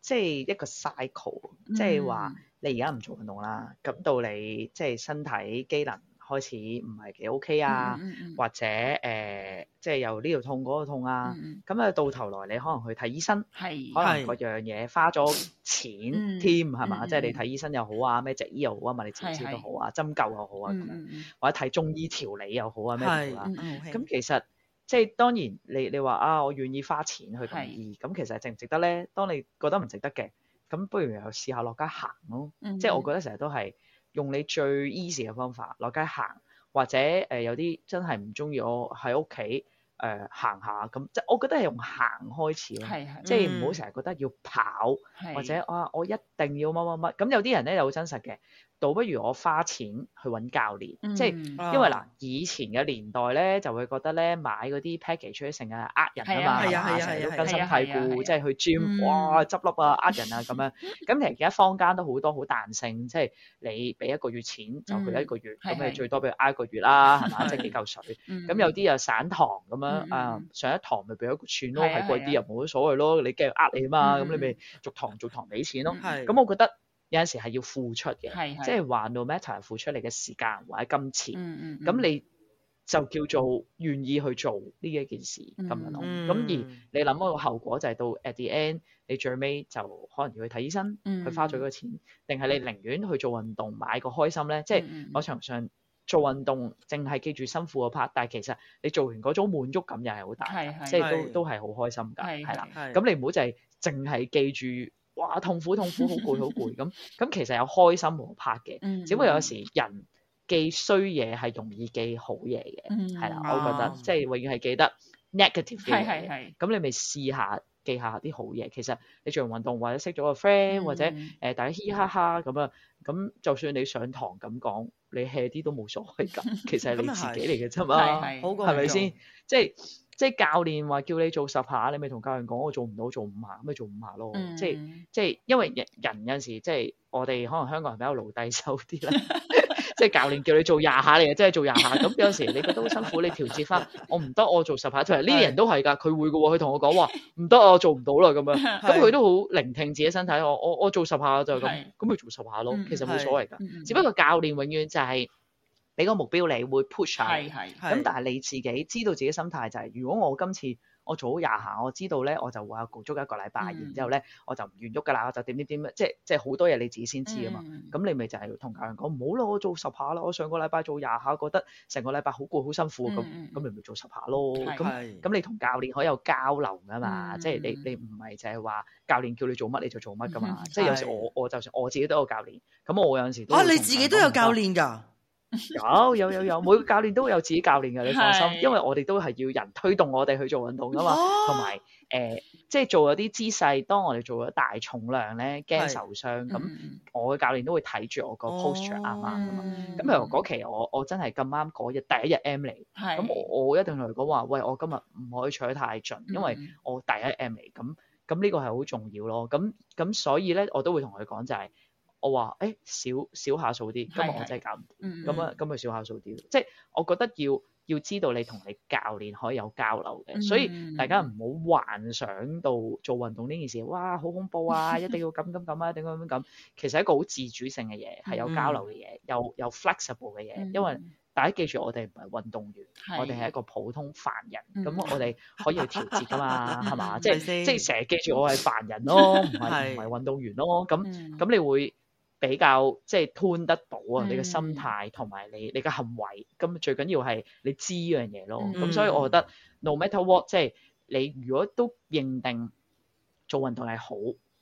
即係一個 cycle，、嗯、即係話你而家唔做運動啦，咁到你即係身體機能。開始唔係幾 OK 啊，或者誒，即係又呢度痛嗰個痛啊，咁啊到頭來你可能去睇醫生，可能各樣嘢花咗錢添，係嘛？即係你睇醫生又好啊，咩脊醫又好啊，你治療都好啊，針灸又好啊，或者睇中醫調理又好啊咩？咁其實即係當然，你你話啊，我願意花錢去咁易，咁其實值唔值得咧？當你覺得唔值得嘅，咁不如又試下落街行咯。即係我覺得成日都係。用你最 easy 嘅方法，落街行或者誒、呃、有啲真係唔中意我喺屋企誒行下咁，即係我覺得係用行開始咯，係係，即係唔好成日覺得要跑的或者啊我一定要乜乜乜咁，有啲人咧就好真實嘅。倒不如我花錢去揾教練，即係因為嗱，以前嘅年代咧就會覺得咧買嗰啲 package 出嚟成日呃人啊嘛，成日都根深蒂固，即係去 gym 哇執笠啊呃人啊咁樣。咁其實而家坊間都好多好彈性，即係你俾一個月錢就佢一個月，咁你最多俾佢呃一個月啦，係嘛？即係幾嚿水。咁有啲又散堂咁樣啊，上一堂咪俾佢算錢咯，係貴啲又冇乜所謂咯。你繼續呃你啊嘛，咁你咪逐堂逐堂俾錢咯。咁我覺得。有陣時係要付出嘅，即係話 no matter 付出嚟嘅時間或者金錢，咁你就叫做願意去做呢一件事咁樣咯。咁而你諗嗰個後果就係到 at the end，你最尾就可能要去睇醫生，去花咗嗰個錢，定係你寧願去做運動買個開心咧？即係我常常做運動，淨係記住辛苦個 part，但係其實你做完嗰種滿足感又係好大嘅，即係都都係好開心㗎，係啦。咁你唔好就係淨係記住。哇，痛苦痛苦，好攰好攰咁咁，其實有開心同拍嘅，嗯、只不過有時人記衰嘢係容易記好嘢嘅，係啦、嗯，的我覺得、啊、即係永遠係記得 negative 嘅、 嗯，咁你咪試下記下啲好嘢。其實你做完運動或者識咗個 friend 或者誒、呃、大家嘻哈哈咁啊，咁就算你上堂咁講你 hea 啲都冇所謂噶， 其實係你自己嚟嘅啫嘛，係咪先？即係。即係教練話叫你做十下，你咪同教練講我做唔到，做五下咁咪做五下咯。嗯、即係即係，因為人人有陣時即係我哋可能香港人比較奴低收啲啦。 即係教練叫你做廿下嚟嘅，真係做廿下。咁有時你覺得好辛苦，你調節翻，我唔得，我做十下就係呢啲人都係噶，佢會噶。佢同我講，話，唔得我做唔到啦咁樣。咁佢 都好聆聽自己身體，我我我做十下就係咁，咁咪 做十下咯。其實冇所謂噶， 只不過教練永遠就係、是。俾個目標你會 push 係係咁，但係你自己知道自己心態就係，如果我今次我做咗廿下，我知道咧，我就話焗足一個禮拜，然之後咧我就唔願喐噶啦，我就點點點，即係即係好多嘢你自己先知啊嘛。咁你咪就係同教員講唔好啦，我做十下啦。我上個禮拜做廿下，覺得成個禮拜好攰好辛苦，咁咁你咪做十下咯。咁咁你同教練可以有交流噶嘛？即係你你唔係淨係話教練叫你做乜你就做乜噶嘛？即係有時我我就算我自己都有教練，咁我有陣時啊，你自己都有教練㗎。 有有有有，每個教練都有自己教練嘅，你放心，是因為我哋都係要人推動我哋去做運動噶嘛，同埋誒，即係做咗啲姿勢，當我哋做咗大重量咧，驚受傷，咁、嗯、我嘅教練都會睇住我個 posture 啱啱噶嘛。咁譬、哦、如嗰期我我真係咁啱嗰日第一日 M 嚟，咁是我我一定同佢講話，喂，我今日唔可以坐得太盡，因為我第一 M 嚟，咁咁呢個係好重要咯。咁咁所以咧，我都會同佢講就係、是。我話，誒少少下數啲，今日我真係搞唔掂，咁啊，今日少下數啲，即係我覺得要要知道你同你教練可以有交流嘅，所以大家唔好幻想到做運動呢件事，哇，好恐怖啊！一定要咁咁咁啊，點樣點樣咁，其實係一個好自主性嘅嘢，係有交流嘅嘢，又有 flexible 嘅嘢，因為大家記住，我哋唔係運動員，我哋係一個普通凡人，咁我哋可以調節㗎嘛，係嘛？即係即係成日記住我係凡人咯，唔係唔係運動員咯，咁咁你會，比較即係 turn 得到啊，你嘅心態同埋你、mm. 你嘅行為，咁最緊要係你知呢樣嘢咯。咁、mm. 所以我覺得 no matter what，即係你如果都認定做運動係好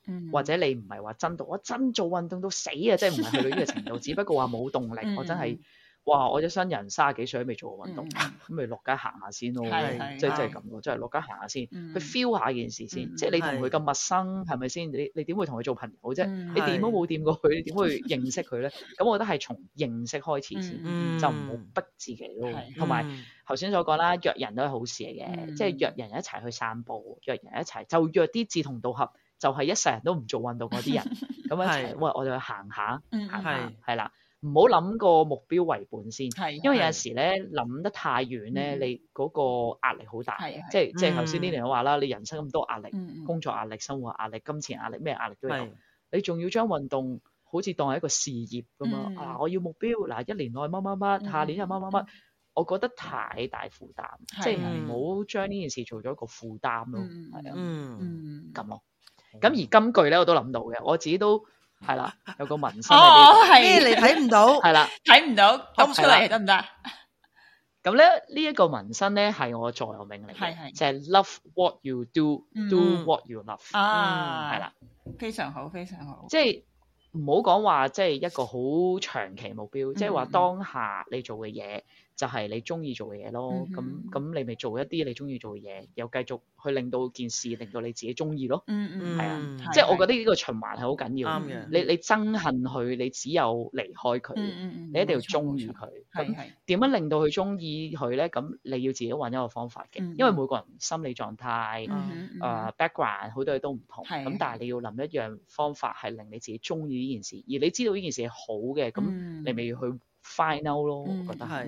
，mm. 或者你唔係話真度，我真做運動到死啊！即係唔係去到呢個程度， 只不過話冇動力，mm. 我真係。哇！我一生人三十幾歲都未做過運動，咁咪落街行下先咯，即係即係咁咯，即係落街行下先，去 feel 下件事先。即係你同佢咁陌生，係咪先？你你點會同佢做朋友啫？你點都冇掂過佢，你點會認識佢咧？咁我覺得係從認識開始先，就唔好逼自己咯。同埋頭先所講啦，約人都係好事嚟嘅，即係約人一齊去散步，約人一齊就約啲志同道合，就係一世人都唔做運動嗰啲人，咁一齊喂，我哋去行下，行下，係啦。唔好諗個目標為本先，係，因為有時咧諗得太遠咧，你嗰個壓力好大，係啊，即係即係頭先 Linda 話啦，你人生咁多壓力，工作壓力、生活壓力、金錢壓力，咩壓力都有，你仲要將運動好似當係一個事業咁啊！我要目標，嗱，一年內乜乜乜，下年又乜乜乜，我覺得太大負擔，即係唔好將呢件事做咗一個負擔咯，係啊，嗯，咁咯，咁而今句咧，我都諗到嘅，我自己都。係啦， 有個紋身喺度，哦哦、你睇唔到。係啦 ，睇唔到，出嚟，得唔得？咁咧 呢，一個紋身咧，係我座右銘嚟，係係是，就係 Love What You Do，Do、嗯、do What You Love。啊，係啦 了，非常好，非常好。即係唔好講話，即係一個好長期目標，即係話當下你做嘅嘢。就係你中意做嘅嘢咯，咁咁你咪做一啲你中意做嘅嘢，又繼續去令到件事令到你自己中意咯。嗯嗯，係啊，即係我覺得呢個循環係好緊要。你你憎恨佢，你只有離開佢。你一定要中意佢。係係，點樣令到佢中意佢咧？咁你要自己搵一個方法嘅，因為每個人心理狀態、誒 background 好多嘢都唔同。係，咁但係你要諗一樣方法係令你自己中意呢件事，而你知道呢件事係好嘅，咁你咪要去 find out 咯。我覺得係。